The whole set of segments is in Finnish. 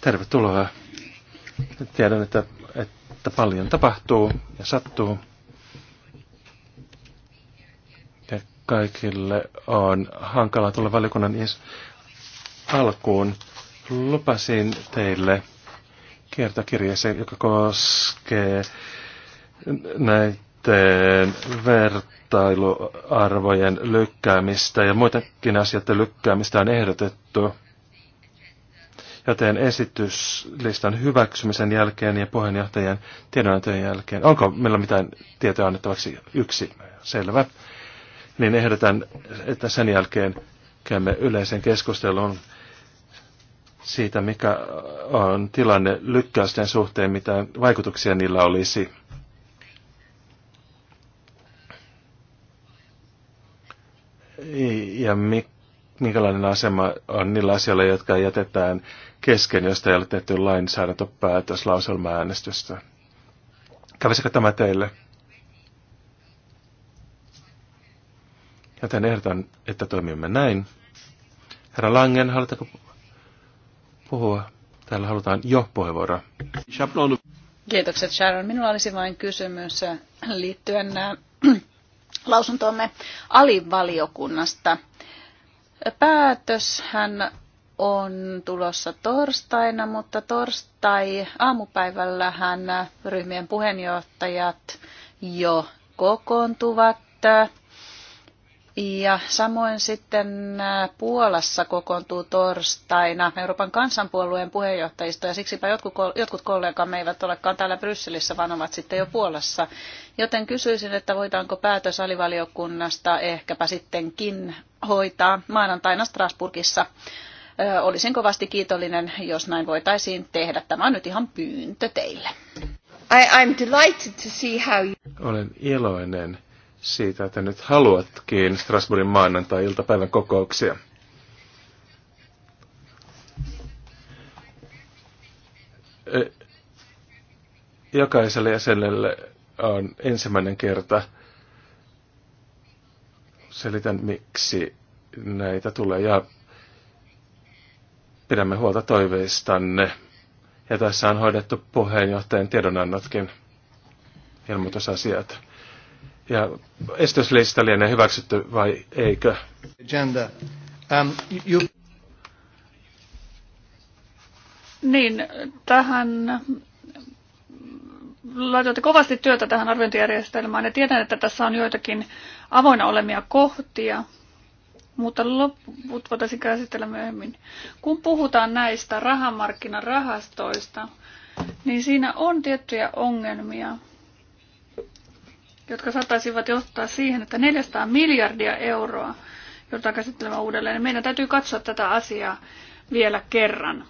Tervetuloa. Tiedän, että, että paljon tapahtuu ja sattuu. Ja kaikille on hankalaa tulla valiokunnan alkuun. Lupasin teille kiertokirjeeseen, joka koskee näitä sitten vertailuarvojen lykkäämistä ja muitakin asioiden lykkäämistä on ehdotettu. Joten esityslistan hyväksymisen jälkeen ja puheenjohtajien tiedonantojen jälkeen, onko meillä mitään tietoa annettavaksi yksi selvä, niin ehdotan, että sen jälkeen käymme yleisen keskustelun siitä, mikä on tilanne lykkäysten suhteen, mitä vaikutuksia niillä olisi ja minkälainen asema on niillä asioilla, jotka jätetään kesken, josta ei ole tehty lainsäädäntöpäätös lauselmaäänestystä. Kävisikö tämä teille? Joten ehdotan, että toimimme näin. Herra Langen, haluatteko puhua? Täällä halutaan jo puheenvuoro. Kiitokset Sharon. Minulla olisi vain kysymys liittyen äh, lausuntomme alivaliokunnasta. Päätöshän on tulossa torstaina, mutta torstai aamupäivällähän ryhmien puheenjohtajat jo kokoontuvat ja samoin sitten äh, Puolassa kokoontuu torstaina Euroopan kansanpuolueen puheenjohtajisto ja siksipä jotkut, jotkut kollegamme eivät olekaan täällä Brysselissä, vaan ovat sitten jo Puolassa. Joten kysyisin, että voidaanko päätös alivaliokunnasta ehkäpä sittenkin hoitaa maanantaina Strasburgissa. Olisin kovasti kiitollinen, jos näin voitaisiin tehdä. Tämä on nyt ihan pyyntö teille. I, I'm delighted to see how you... Olen iloinen siitä, että nyt haluatkin Strasbourgin maanantai-iltapäivän kokouksia. E, jokaiselle jäsenelle on ensimmäinen kerta. Selitän, miksi näitä tulee ja pidämme huolta toiveistanne. Ja tässä on hoidettu puheenjohtajan tiedonannotkin ilmoitusasiat ja esityslista lienee hyväksytty vai eikö? Agenda. Um, you... Niin, tähän laitoitte kovasti työtä tähän arviointijärjestelmään ja tiedän, että tässä on joitakin avoinna olemia kohtia, mutta loput voitaisiin käsitellä myöhemmin. Kun puhutaan näistä rahamarkkinarahastoista, niin siinä on tiettyjä ongelmia jotka saattaisivat johtaa siihen, että 400 miljardia euroa joudutaan käsittelemään uudelleen. Niin meidän täytyy katsoa tätä asiaa vielä kerran.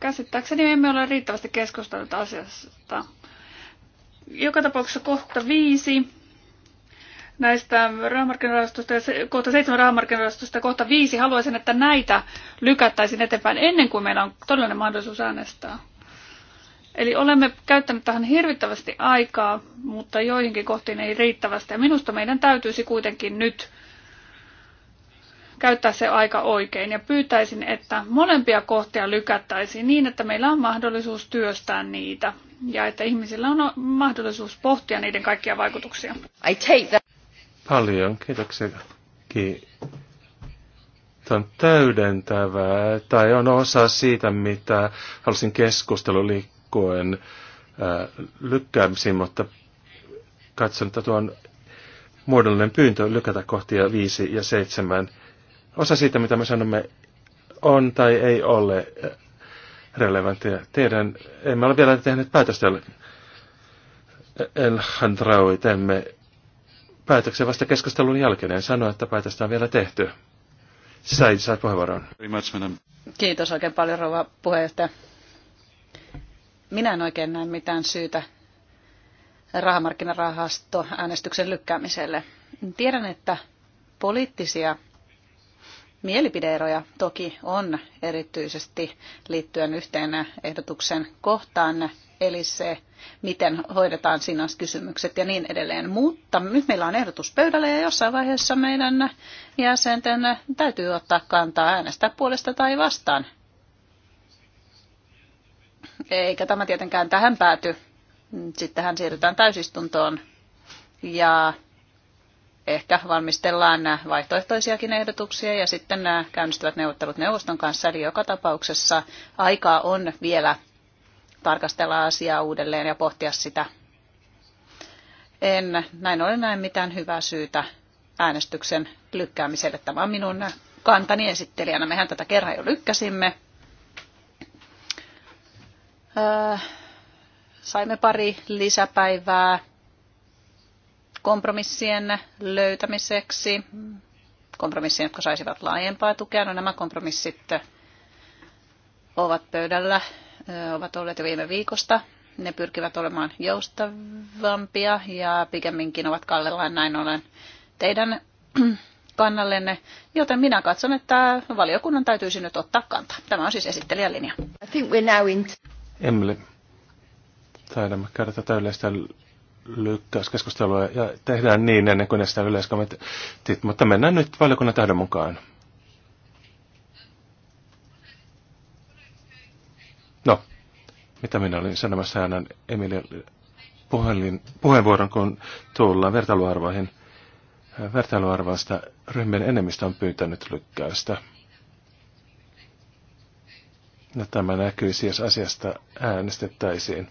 Käsittääkseni emme ole riittävästi keskustelleet asiasta. Joka tapauksessa kohta viisi näistä rahamarkkinarahastosta ja kohta seitsemän rahamarkkinarahastosta ja kohta viisi haluaisin, että näitä lykättäisiin eteenpäin ennen kuin meillä on todellinen mahdollisuus äänestää. Eli olemme käyttäneet tähän hirvittävästi aikaa, mutta joihinkin kohtiin ei riittävästi. Ja minusta meidän täytyisi kuitenkin nyt käyttää se aika oikein ja pyytäisin, että molempia kohtia lykättäisiin niin, että meillä on mahdollisuus työstää niitä ja että ihmisillä on mahdollisuus pohtia niiden kaikkia vaikutuksia. I take that. Paljon, kiitoksia. Ki- Tämä on täydentävää tai on osa siitä, mitä halusin keskustelu liikkeelle tuen äh, lykkäämisiin, mutta katson, että tuo on muodollinen pyyntö lykätä kohtia 5 ja 7. Osa siitä, mitä me sanomme, on tai ei ole äh, relevanttia. Tiedän, emme ole vielä tehneet päätöstä El Handraui teemme päätöksen vasta keskustelun jälkeen. En sano, että päätöstä on vielä tehty. Sain, saat puheenvuoron. Kiitos oikein paljon, rouva puheenjohtaja. Minä en oikein näe mitään syytä rahamarkkinarahasto äänestyksen lykkäämiselle. Tiedän, että poliittisia mielipideeroja toki on erityisesti liittyen yhteen ehdotuksen kohtaan, eli se, miten hoidetaan kysymykset ja niin edelleen. Mutta nyt meillä on ehdotus pöydällä ja jossain vaiheessa meidän jäsenten täytyy ottaa kantaa äänestää puolesta tai vastaan. Eikä tämä tietenkään tähän pääty. Sittenhän siirrytään täysistuntoon ja ehkä valmistellaan vaihtoehtoisiakin ehdotuksia ja sitten nämä käynnistyvät neuvottelut neuvoston kanssa. Eli joka tapauksessa aikaa on vielä tarkastella asiaa uudelleen ja pohtia sitä. En näin ole näin mitään hyvää syytä äänestyksen lykkäämiselle. Tämä on minun kantani esittelijänä. Mehän tätä kerran jo lykkäsimme. Äh, saimme pari lisäpäivää kompromissien löytämiseksi, kompromissien, jotka saisivat laajempaa tukea. No nämä kompromissit ovat pöydällä, äh, ovat olleet jo viime viikosta. Ne pyrkivät olemaan joustavampia ja pikemminkin ovat kallellaan näin ollen teidän kannallenne, joten minä katson, että valiokunnan täytyisi nyt ottaa kantaa. Tämä on siis esittelijän linja. I think we're now Emily, taidamme käydä tätä yleistä lykkäyskeskustelua ja tehdään niin ennen kuin sitä yleiskommentit, mutta mennään nyt valiokunnan tahdon mukaan. No, mitä minä olin sanomassa äänen Emilille puhelin, puheenvuoron, kun tullaan vertailuarvoihin. Vertailuarvoista ryhmien enemmistö on pyytänyt lykkäystä. No, tämä näkyisi, jos asiasta äänestettäisiin.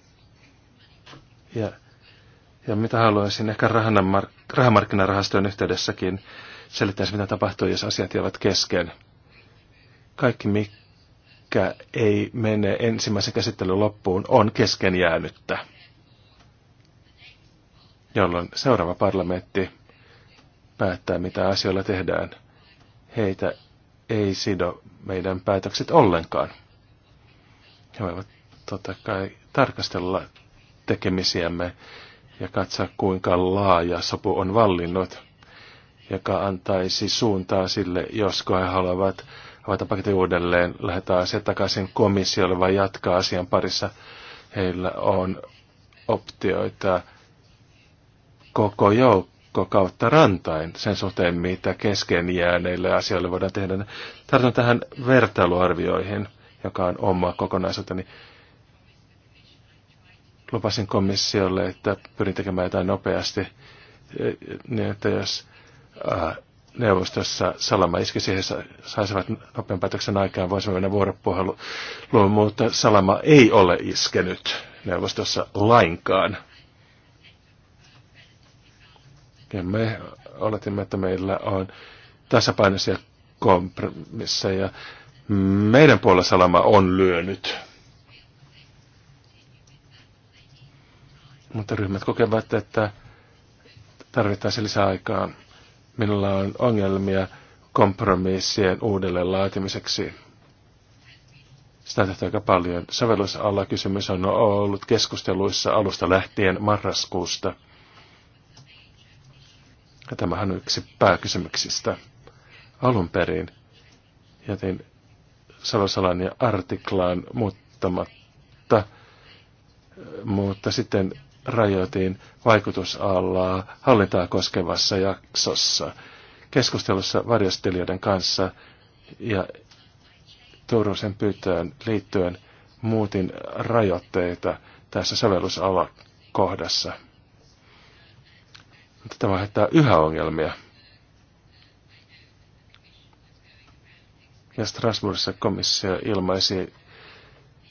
Ja, ja mitä haluaisin ehkä rahamark- rahamarkkinarahastojen yhteydessäkin selittäisi, mitä tapahtuu, jos asiat jäävät kesken. Kaikki, mikä ei mene ensimmäisen käsittelyn loppuun, on kesken jäänyttä. Jolloin seuraava parlamentti päättää, mitä asioilla tehdään. Heitä ei sido meidän päätökset ollenkaan. He voivat totta kai tarkastella tekemisiämme ja katsoa, kuinka laaja sopu on vallinnut, joka antaisi suuntaa sille, josko he haluavat avata paketin uudelleen, lähettää asia takaisin komissiolle vai jatkaa asian parissa. Heillä on optioita koko joukko kautta rantain sen suhteen, mitä kesken jääneille asioille voidaan tehdä. Tartun tähän vertailuarvioihin joka on oma kokonaisuuteni. Lupasin komissiolle, että pyrin tekemään jotain nopeasti, niin että jos äh, neuvostossa Salama iski siihen, saisivat nopean päätöksen aikaan, voisi mennä vuoropuheluun, mutta Salama ei ole iskenyt neuvostossa lainkaan. Ja me oletimme, että meillä on tasapainoisia kompromisseja meidän puolella salama on lyönyt. Mutta ryhmät kokevat, että tarvittaisiin lisää aikaa. Minulla on ongelmia kompromissien uudelleen laatimiseksi. Sitä on aika paljon. Sovellusalla kysymys on ollut keskusteluissa alusta lähtien marraskuusta. Ja tämähän on yksi pääkysymyksistä alun perin. Joten Salosalan ja artiklaan muuttamatta, mutta sitten rajoitin vaikutusalaa hallintaa koskevassa jaksossa keskustelussa varjostelijoiden kanssa ja Turusen pyytöön liittyen muutin rajoitteita tässä sovellusalakohdassa. Mutta tämä aiheuttaa yhä ongelmia. Ja Strasbourgissa komissio ilmaisi,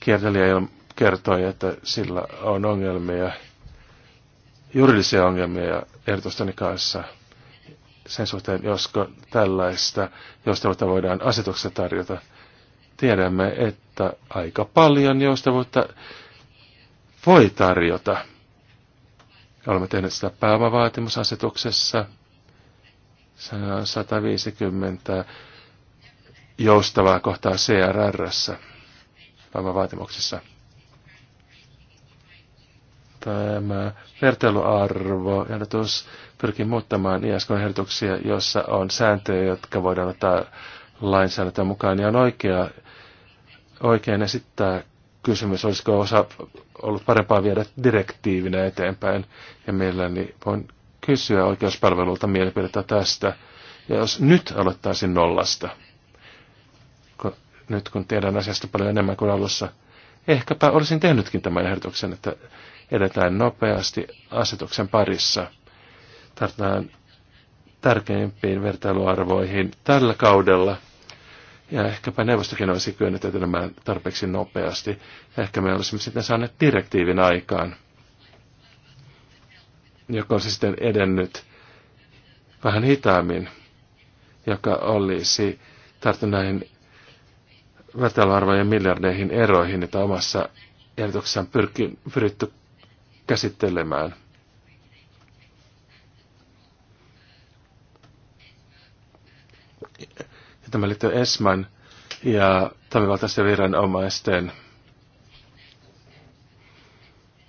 kiertelijä kertoi, että sillä on ongelmia, juridisia ongelmia ehdotustani kanssa sen suhteen, josko tällaista joustavuutta voidaan asetuksessa tarjota. Tiedämme, että aika paljon joustavuutta voi tarjota. Olemme tehneet sitä pääomavaatimusasetuksessa. Se on 150 joustavaa kohtaa CRRssä, vaatimuksissa. Tämä vertailuarvo ehdotus pyrkii muuttamaan ISK-ehdotuksia, jossa on sääntöjä, jotka voidaan ottaa lainsäädäntöön mukaan, ja on oikea, oikein esittää kysymys, olisiko osa ollut parempaa viedä direktiivinä eteenpäin, ja mielelläni voin kysyä oikeuspalvelulta mielipidettä tästä, ja jos nyt aloittaisin nollasta – nyt kun tiedän asiasta paljon enemmän kuin alussa. Ehkäpä olisin tehnytkin tämän ehdotuksen, että edetään nopeasti asetuksen parissa. Tartetaan tärkeimpiin vertailuarvoihin tällä kaudella. Ja ehkäpä neuvostokin olisi kyennyt etenemään tarpeeksi nopeasti. Ehkä me olisimme sitten saaneet direktiivin aikaan, joka olisi sitten edennyt vähän hitaammin, joka olisi tarttu näihin vertailuarvojen miljardeihin eroihin, niitä omassa ehdotuksessa pyritty käsittelemään. Ja tämä liittyy ESMAN ja toimivaltaisten viranomaisten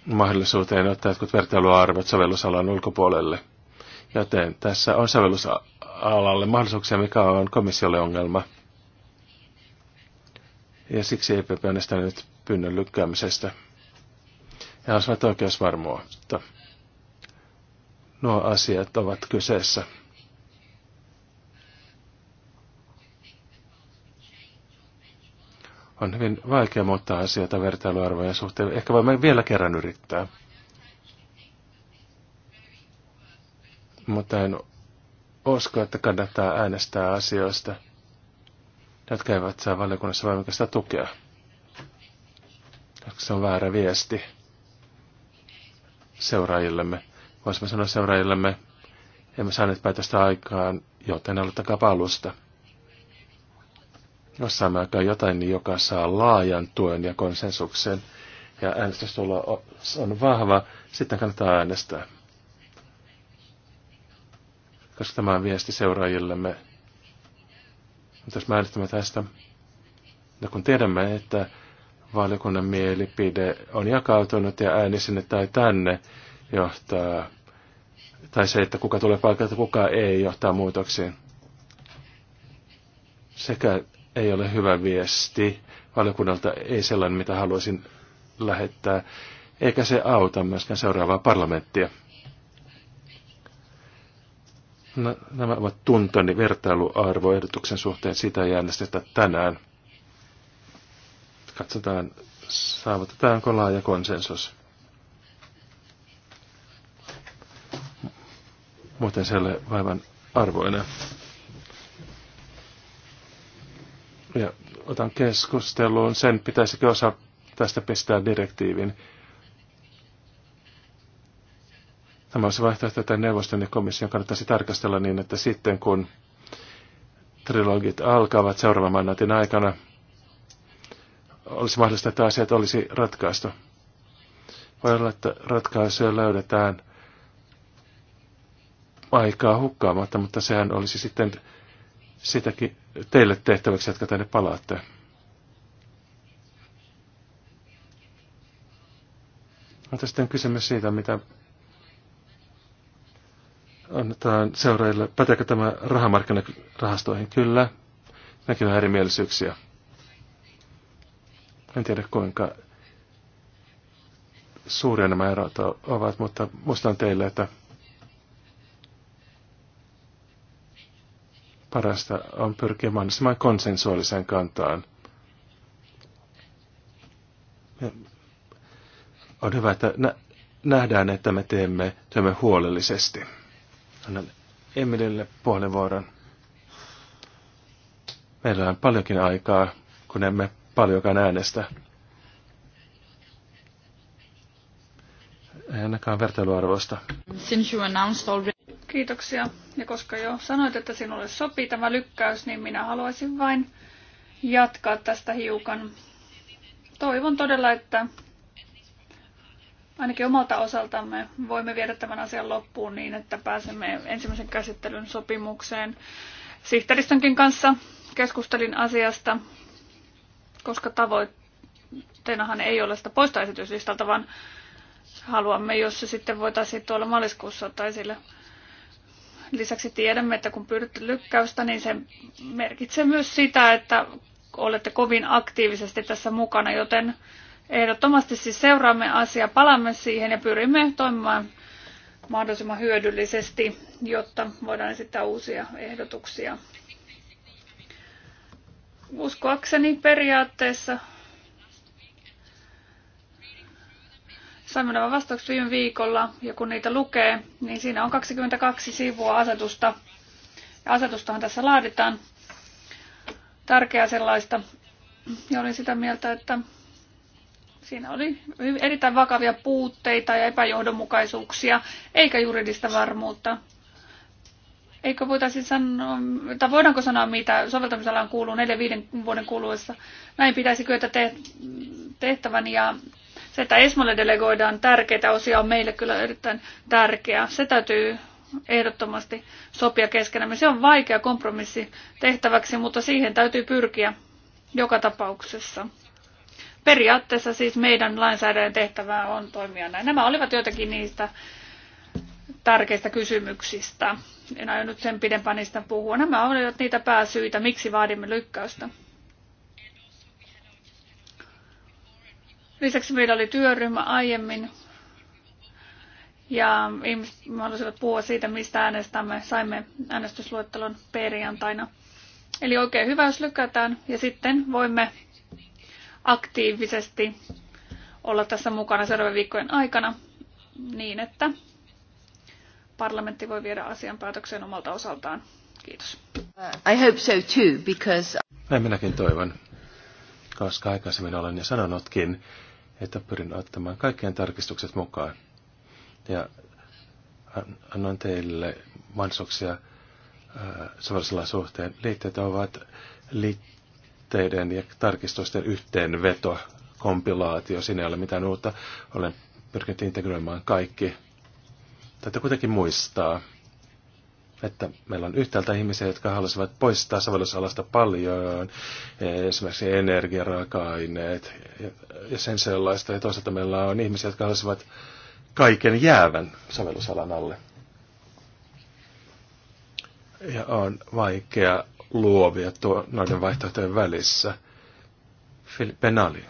mahdollisuuteen ottaa jotkut vertailuarvot sovellusalan ulkopuolelle. Joten tässä on sovellusalalle mahdollisuuksia, mikä on komissiolle ongelma – ja siksi ei on estänyt pyynnön lykkäämisestä. Ja olisivat että Nuo asiat ovat kyseessä. on hyvin vaikea muuttaa asioita vertailuarvojen suhteen. Ehkä voimme vielä kerran yrittää. Mutta en usko, että kannattaa äänestää asioista – jotka eivät saa valiokunnassa voimakasta tukea. Se on väärä viesti seuraajillemme. Voisimme sanoa seuraajillemme, emme saaneet päätöstä aikaan, joten aloittakaa palusta. Jos saamme aikaan jotain, niin joka saa laajan tuen ja konsensuksen, ja äänestystulo on vahva, sitten kannattaa äänestää. Koska tämä on viesti seuraajillemme mutta jos määritämme tästä, no kun tiedämme, että valiokunnan mielipide on jakautunut ja ääni sinne tai tänne johtaa, tai se, että kuka tulee paikalta, kuka ei, johtaa muutoksiin. Sekä ei ole hyvä viesti valiokunnalta, ei sellainen, mitä haluaisin lähettää, eikä se auta myöskään seuraavaa parlamenttia. No, nämä ovat tuntoni vertailuarvoehdotuksen suhteen. Sitä ei äänestetä tänään. Katsotaan, saavutetaanko laaja konsensus. Muuten se ei ole vaivan arvoinen. Ja otan keskusteluun sen, pitäisikö osa tästä pistää direktiivin Tämä se vaihtoehto, että neuvoston ja komission kannattaisi tarkastella niin, että sitten kun trilogit alkavat seuraavan mandaatin aikana, olisi mahdollista, että asiat olisi ratkaistu. Voi olla, että ratkaisuja löydetään aikaa hukkaamatta, mutta sehän olisi sitten sitäkin teille tehtäväksi, jotka tänne palaatte. Mutta sitten kysymys siitä, mitä annetaan seuraajille, päteekö tämä rahamarkkinarahastoihin? Kyllä. Näkin on erimielisyyksiä. En tiedä kuinka suuria nämä erot ovat, mutta muistan teille, että parasta on pyrkiä mahdollisimman konsensuaaliseen kantaan. Ja on hyvä, että nähdään, että me teemme työmme huolellisesti. Annan Emilille puheenvuoron. Meillä on paljonkin aikaa, kun emme paljonkaan äänestä. Ei ainakaan vertailuarvoista. Since you announced already... Kiitoksia. Ja koska jo sanoit, että sinulle sopii tämä lykkäys, niin minä haluaisin vain jatkaa tästä hiukan. Toivon todella, että ainakin omalta osaltamme voimme viedä tämän asian loppuun niin, että pääsemme ensimmäisen käsittelyn sopimukseen. Sihteeristönkin kanssa keskustelin asiasta, koska tavoitteenahan ei ole sitä poistoesityslistalta, vaan haluamme, jos se sitten voitaisiin tuolla maaliskuussa ottaa esille. Lisäksi tiedämme, että kun pyydätte lykkäystä, niin se merkitsee myös sitä, että olette kovin aktiivisesti tässä mukana, joten Ehdottomasti siis seuraamme asiaa, palaamme siihen ja pyrimme toimimaan mahdollisimman hyödyllisesti, jotta voidaan esittää uusia ehdotuksia. Uskoakseni periaatteessa saimme nämä vastaukset viime viikolla ja kun niitä lukee, niin siinä on 22 sivua asetusta. Ja asetustahan tässä laaditaan. Tärkeää sellaista. Ja olin sitä mieltä, että Siinä oli erittäin vakavia puutteita ja epäjohdonmukaisuuksia, eikä juridista varmuutta. Eikö voitaisiin sanoa, tai voidaanko sanoa, mitä soveltamisalaan kuuluu 4-5 vuoden kuluessa? Näin pitäisi kyetä tehtävän ja se, että Esmolle delegoidaan tärkeitä osia, on meille kyllä erittäin tärkeää. Se täytyy ehdottomasti sopia keskenämme. Se on vaikea kompromissi tehtäväksi, mutta siihen täytyy pyrkiä joka tapauksessa. Periaatteessa siis meidän lainsäädännön tehtävä on toimia näin. Nämä olivat joitakin niistä tärkeistä kysymyksistä. En aio nyt sen pidempään niistä puhua. Nämä olivat niitä pääsyitä, miksi vaadimme lykkäystä. Lisäksi meillä oli työryhmä aiemmin, ja ihmiset haluaisivat puhua siitä, mistä äänestämme. Saimme äänestysluettelon perjantaina. Eli oikein hyvä, jos lykätään. Ja sitten voimme aktiivisesti olla tässä mukana seuraavien viikkojen aikana niin, että parlamentti voi viedä asian päätökseen omalta osaltaan. Kiitos. I hope so too, because... Näin minäkin toivon, koska aikaisemmin olen jo sanonutkin, että pyrin ottamaan kaikkien tarkistukset mukaan. Ja annan teille mahdollisuuksia äh, sovellusella suhteen. Liitteet ovat liitteet kommentteiden ja tarkistusten yhteenveto, kompilaatio, siinä ei ole mitään uutta. Olen pyrkinyt integroimaan kaikki. Täytyy kuitenkin muistaa, että meillä on yhtäältä ihmisiä, jotka haluaisivat poistaa sovellusalasta paljon, esimerkiksi energiaraaka-aineet ja sen sellaista, ja toisaalta meillä on ihmisiä, jotka haluaisivat kaiken jäävän sovellusalan alle. Ja on vaikea luovia tuo, noiden vaihtoehtojen välissä. Philip Benali.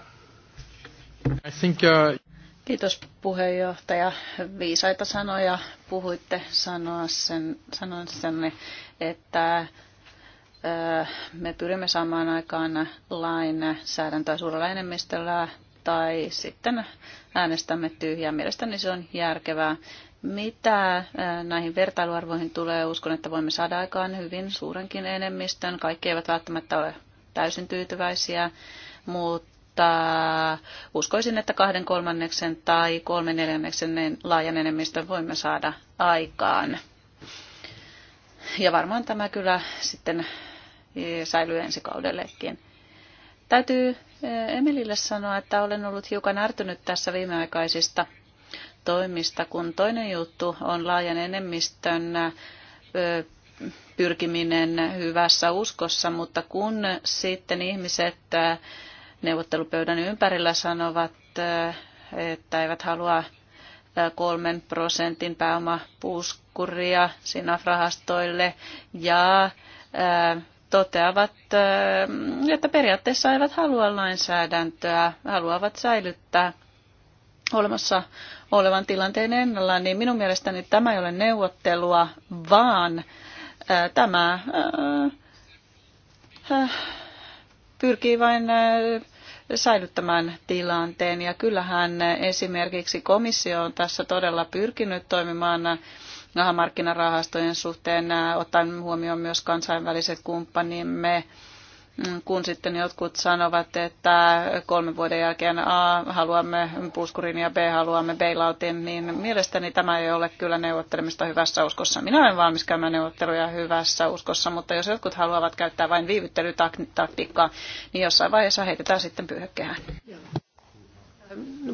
I think, uh... Kiitos puheenjohtaja. Viisaita sanoja puhuitte sanoa sen, sanon sen, että äh, me pyrimme saamaan aikaan säädäntöä suurella enemmistöllä tai sitten äänestämme tyhjää. Mielestäni se on järkevää. Mitä äh, näihin vertailuarvoihin tulee, uskon, että voimme saada aikaan hyvin suurenkin enemmistön. Kaikki eivät välttämättä ole täysin tyytyväisiä, mutta uskoisin, että kahden kolmanneksen tai kolmen neljänneksen laajan enemmistön voimme saada aikaan. Ja varmaan tämä kyllä sitten eh, säilyy ensi kaudellekin. Täytyy eh, Emilille sanoa, että olen ollut hiukan ärtynyt tässä viimeaikaisista toimista, kun toinen juttu on laajan enemmistön pyrkiminen hyvässä uskossa, mutta kun sitten ihmiset neuvottelupöydän ympärillä sanovat, että eivät halua kolmen prosentin pääomapuskuria SINAF-rahastoille ja toteavat, että periaatteessa eivät halua lainsäädäntöä, haluavat säilyttää olemassa olevan tilanteen ennallaan, niin minun mielestäni tämä ei ole neuvottelua, vaan ää, tämä ää, pyrkii vain ää, säilyttämään tilanteen. Ja kyllähän esimerkiksi komissio on tässä todella pyrkinyt toimimaan rahamarkkinarahastojen suhteen, ottaen huomioon myös kansainväliset kumppanimme kun sitten jotkut sanovat, että kolmen vuoden jälkeen A haluamme puskurin ja B haluamme bailoutin, niin mielestäni tämä ei ole kyllä neuvottelemista hyvässä uskossa. Minä olen valmis käymään neuvotteluja hyvässä uskossa, mutta jos jotkut haluavat käyttää vain viivyttelytaktiikkaa, niin jossain vaiheessa heitetään sitten pyyhökkehään.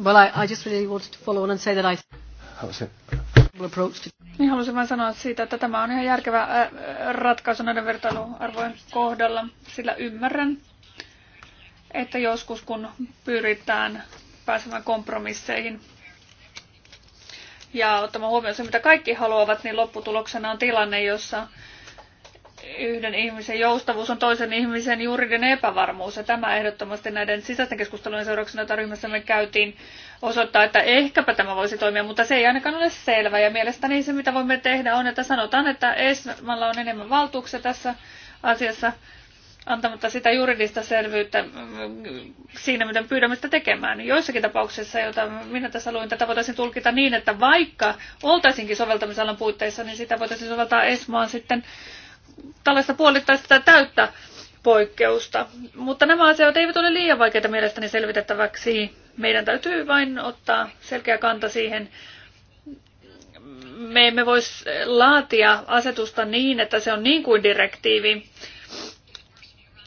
Well, I, I just really wanted to follow on and say that I... Niin halusin vain sanoa siitä, että tämä on ihan järkevä äh, ratkaisu näiden vertailuarvojen kohdalla, sillä ymmärrän, että joskus kun pyritään pääsemään kompromisseihin ja ottamaan huomioon se, mitä kaikki haluavat, niin lopputuloksena on tilanne, jossa yhden ihmisen joustavuus on toisen ihmisen juridinen epävarmuus. Ja tämä ehdottomasti näiden sisäisten keskustelujen seurauksena, joita ryhmässämme käytiin, osoittaa, että ehkäpä tämä voisi toimia, mutta se ei ainakaan ole selvä. Ja mielestäni se, mitä voimme tehdä, on, että sanotaan, että ESMalla on enemmän valtuuksia tässä asiassa antamatta sitä juridista selvyyttä siinä, miten pyydämme sitä tekemään. Joissakin tapauksissa, joita minä tässä luin, tätä voitaisiin tulkita niin, että vaikka oltaisinkin soveltamisalan puitteissa, niin sitä voitaisiin soveltaa ESMAan sitten tällaista puolittaista tai täyttä poikkeusta. Mutta nämä asiat eivät ole liian vaikeita mielestäni selvitettäväksi. Meidän täytyy vain ottaa selkeä kanta siihen. Me emme voisi laatia asetusta niin, että se on niin kuin direktiivi,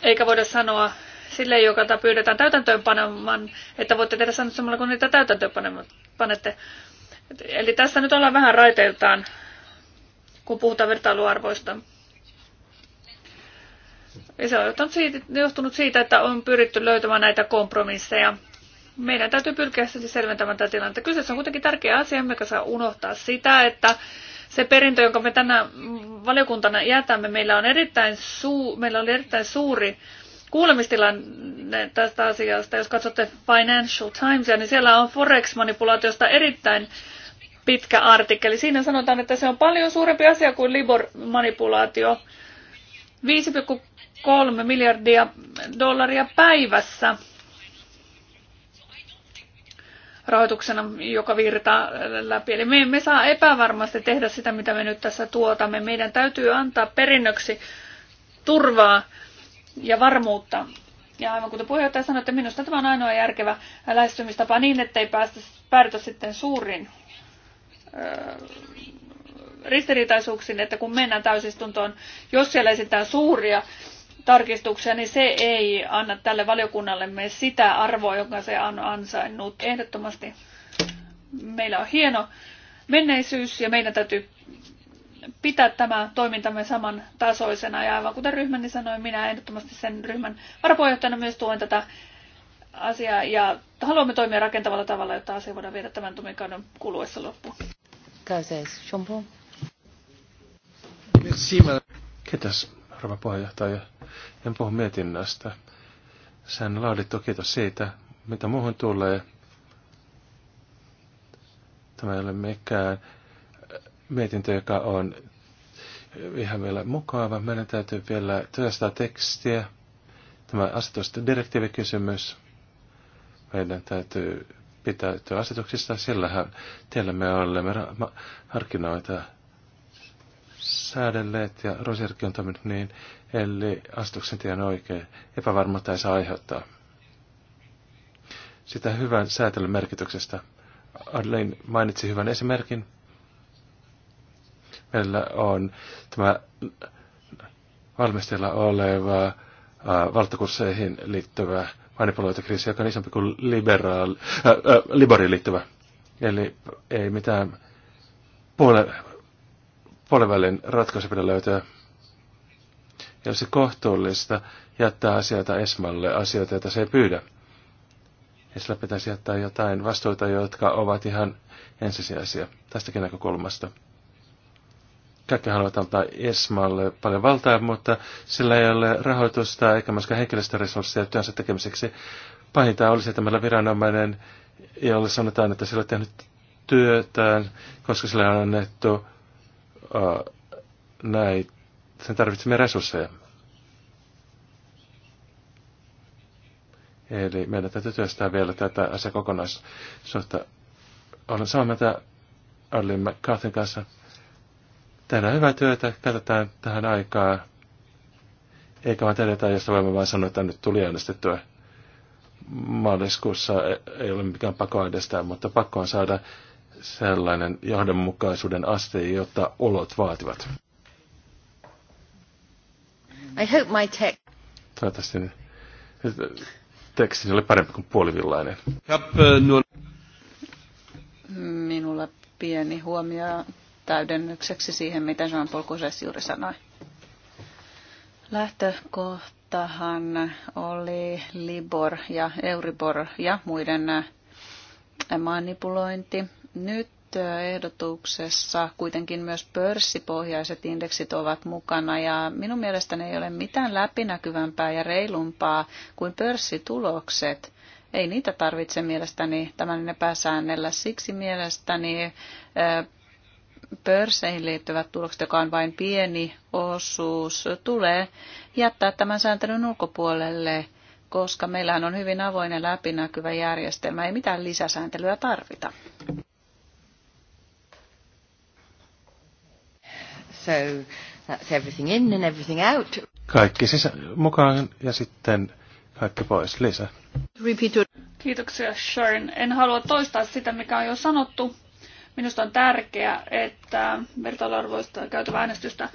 eikä voida sanoa sille, joka pyydetään täytäntöönpanemaan, että voitte tehdä sanoa samalla, kuin niitä täytäntöönpanette. Eli tässä nyt ollaan vähän raiteiltaan, kun puhutaan vertailuarvoista. Ja se on johtunut siitä, että on pyritty löytämään näitä kompromisseja. Meidän täytyy pyrkiä siis selventämään tätä tilannetta. Kyseessä on kuitenkin tärkeä asia, mikä saa unohtaa sitä, että se perintö, jonka me tänä valiokuntana jätämme, meillä, on erittäin suu, meillä oli erittäin suuri kuulemistilanne tästä asiasta. Jos katsotte Financial Timesia, niin siellä on Forex-manipulaatiosta erittäin pitkä artikkeli. Siinä sanotaan, että se on paljon suurempi asia kuin Libor-manipulaatio kolme miljardia dollaria päivässä rahoituksena, joka virtaa läpi. Eli me emme saa epävarmasti tehdä sitä, mitä me nyt tässä tuotamme. Meidän täytyy antaa perinnöksi turvaa ja varmuutta. Ja aivan kuten puheenjohtaja sanoi, että minusta tämä on ainoa järkevä lähestymistapa niin, että ei päästä, päädytä sitten suurin öö, ristiriitaisuuksiin, että kun mennään täysistuntoon, jos siellä esitetään suuria tarkistuksia, niin se ei anna tälle valiokunnallemme sitä arvoa, jonka se on ansainnut. Ehdottomasti meillä on hieno menneisyys ja meidän täytyy pitää tämä toimintamme saman tasoisena. Ja aivan kuten ryhmäni sanoi, minä ehdottomasti sen ryhmän varapuheenjohtajana myös tuen tätä asiaa ja haluamme toimia rakentavalla tavalla, jotta asia voidaan viedä tämän toimikauden kuluessa loppuun. ketäs rouva puheenjohtaja. En puhu mietinnöstä. Sen laadittu kiitos siitä, mitä muuhun tulee. Tämä ei ole mikään mietintö, joka on ihan vielä mukava. Meidän täytyy vielä työstää tekstiä. Tämä asetusten direktiivikysymys. Meidän täytyy pitäytyä asetuksista. Sillähän teillä me olemme harkinoita säädelleet ja Roserkin on toiminut niin, eli astuksen tien oikein. Epävarmuutta ei saa aiheuttaa. Sitä hyvän säätelyn merkityksestä. Adlein mainitsi hyvän esimerkin. Meillä on tämä valmistella oleva äh, valtakursseihin liittyvä kriisi, joka on isompi kuin liberaali, äh, äh, liberaali liittyvä. Eli ei mitään puolen puolivälin ratkaisu pitää löytää. Ja olisi kohtuullista jättää asioita Esmalle, asioita, joita se ei pyydä. Ja sillä pitäisi jättää jotain vastuuta, jotka ovat ihan ensisijaisia tästäkin näkökulmasta. Kaikki haluavat antaa Esmalle paljon valtaa, mutta sillä ei ole rahoitusta eikä myöskään henkilöstöresursseja työnsä tekemiseksi. Pahinta olisi, että meillä viranomainen, jolle sanotaan, että sillä on tehnyt työtään, koska sillä on annettu näin, sen tarvitsemme resursseja. Eli meidän täytyy työstää vielä tätä asiakokonaisuutta. Olen samaa mieltä Arlene McCarthyn kanssa. Tehdään hyvää työtä, käytetään tähän aikaa. Eikä vaan tehdä josta voimme vain sanoa, että nyt tuli äänestettyä. Maaliskuussa ei ole mikään pakko äänestää, mutta pakko on saada sellainen johdonmukaisuuden aste, jota olot vaativat. I hope my tech... Toivottavasti tekstini oli parempi kuin puolivillainen. Eh, Minulla pieni huomio täydennykseksi siihen, mitä Jean-Paul Cousins juuri sanoi. Lähtökohtahan oli Libor ja Euribor ja muiden eh, manipulointi. Nyt äh, ehdotuksessa kuitenkin myös pörssipohjaiset indeksit ovat mukana ja minun mielestäni ei ole mitään läpinäkyvämpää ja reilumpaa kuin pörssitulokset. Ei niitä tarvitse mielestäni tämän epäsäännellä. Siksi mielestäni äh, pörsseihin liittyvät tulokset, joka on vain pieni osuus, tulee jättää tämän sääntelyn ulkopuolelle, koska meillähän on hyvin avoin ja läpinäkyvä järjestelmä. Ei mitään lisäsääntelyä tarvita. So that's everything in and everything out. Kaikki sisä mukaan ja sitten kaikki pois. Lisä. Kiitoksia Sharon. En halua toistaa sitä, mikä on jo sanottu. Minusta on tärkeää, että vertailuarvoista käytävä äänestystä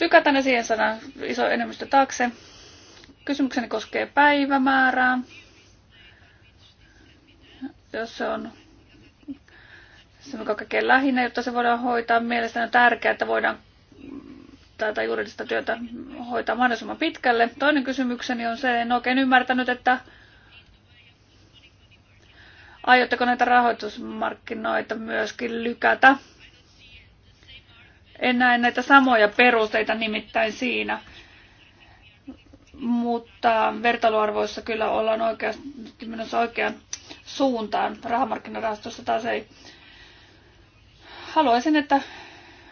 lykätään ja siihen saadaan iso enemmistö taakse. Kysymykseni koskee päivämäärää. Jos se on se, mikä on kaikkein lähinnä, jotta se voidaan hoitaa. Mielestäni on tärkeää, että voidaan tätä juridista työtä hoitaa mahdollisimman pitkälle. Toinen kysymykseni on se, en oikein ymmärtänyt, että aiotteko näitä rahoitusmarkkinoita myöskin lykätä? En näe näitä samoja perusteita nimittäin siinä, mutta vertailuarvoissa kyllä ollaan oikeasti menossa oikeaan suuntaan. Rahamarkkinarahastossa taas ei. Haluaisin, että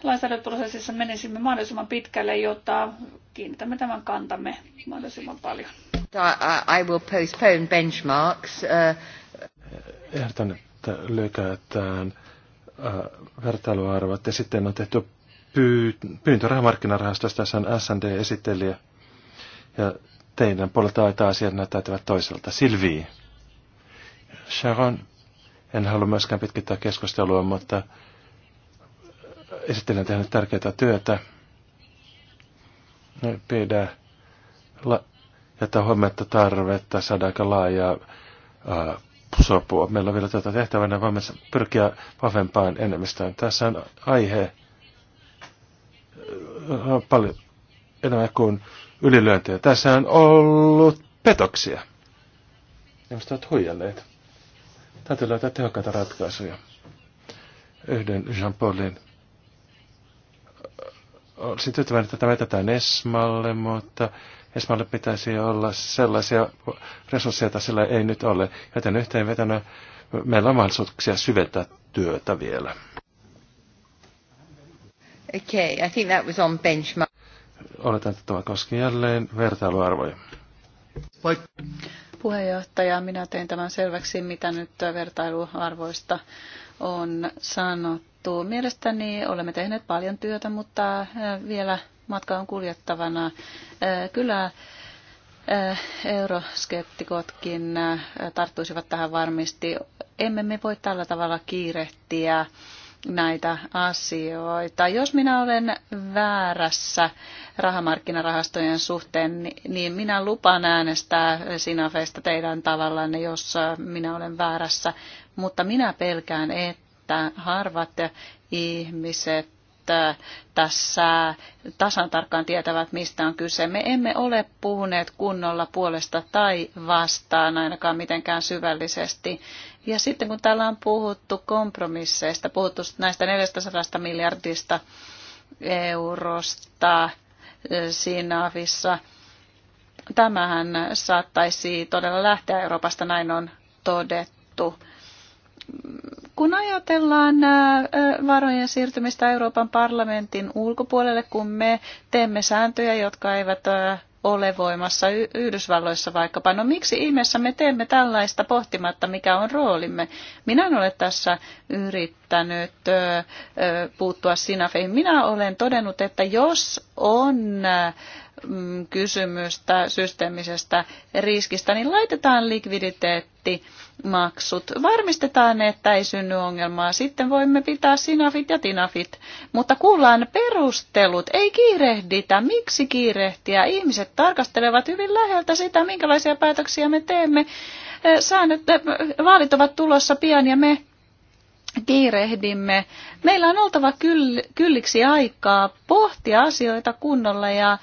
lainsäädäntöprosessissa menisimme mahdollisimman pitkälle, jotta kiinnitämme tämän kantamme mahdollisimman paljon. I will postpone benchmarks. Uh... Ehdotan, että lykätään uh, vertailuarvot ja sitten on tehty pyyntö rahamarkkinarahastosta, tässä on SND-esittelijä. Ja teidän puolelta aita asiat näyttävät toiselta. Silvi. Sharon, en halua myöskään pitkittää keskustelua, mutta esittelen tehnyt tärkeää työtä. pidä la- jättää huomiota tarvetta saada aika laajaa ää, äh, sopua. Meillä on vielä tätä tuota tehtävänä, voimme pyrkiä vahvempaan enemmistöön. Tässä on aihe äh, on paljon enemmän kuin ylilyöntejä. Tässä on ollut petoksia. Ihmiset ovat huijanneet. Täytyy löytää tehokkaita ratkaisuja. Yhden Jean-Paulin Olisin tyytyväinen, että tämä vetetään Esmalle, mutta Esmalle pitäisi olla sellaisia resursseja, joita sillä ei nyt ole. Joten yhteenvetona meillä on mahdollisuuksia syventää työtä vielä. Okay, I think that was on benchmark. Oletan, että tämä koski jälleen vertailuarvoja. Puheenjohtaja, minä tein tämän selväksi, mitä nyt vertailuarvoista on sanottu tapahtuu. Mielestäni olemme tehneet paljon työtä, mutta vielä matka on kuljettavana. Kyllä euroskeptikotkin tarttuisivat tähän varmasti. Emme me voi tällä tavalla kiirehtiä näitä asioita. Jos minä olen väärässä rahamarkkinarahastojen suhteen, niin minä lupaan äänestää sinafeista teidän tavallanne, jos minä olen väärässä. Mutta minä pelkään, että että harvat ihmiset tässä tasan tarkkaan tietävät, mistä on kyse. Me emme ole puhuneet kunnolla puolesta tai vastaan ainakaan mitenkään syvällisesti. Ja sitten kun täällä on puhuttu kompromisseista, puhuttu näistä 400 miljardista eurosta eh, siinä avissa, tämähän saattaisi todella lähteä Euroopasta, näin on todettu kun ajatellaan äh, äh, varojen siirtymistä Euroopan parlamentin ulkopuolelle, kun me teemme sääntöjä, jotka eivät äh, ole voimassa Yhdysvalloissa vaikkapa. No miksi ihmeessä me teemme tällaista pohtimatta, mikä on roolimme? Minä en ole tässä yrittänyt puuttua sinafeihin. Minä olen todennut, että jos on Mm, kysymystä systeemisestä riskistä, niin laitetaan likviditeetti maksut, Varmistetaan, että ei synny ongelmaa. Sitten voimme pitää sinafit ja tinafit. Mutta kuullaan perustelut. Ei kiirehditä. Miksi kiirehtiä? Ihmiset tarkastelevat hyvin läheltä sitä, minkälaisia päätöksiä me teemme. Säännöt, vaalit ovat tulossa pian ja me kiirehdimme. Meillä on oltava kyll, kylliksi aikaa pohtia asioita kunnolla ja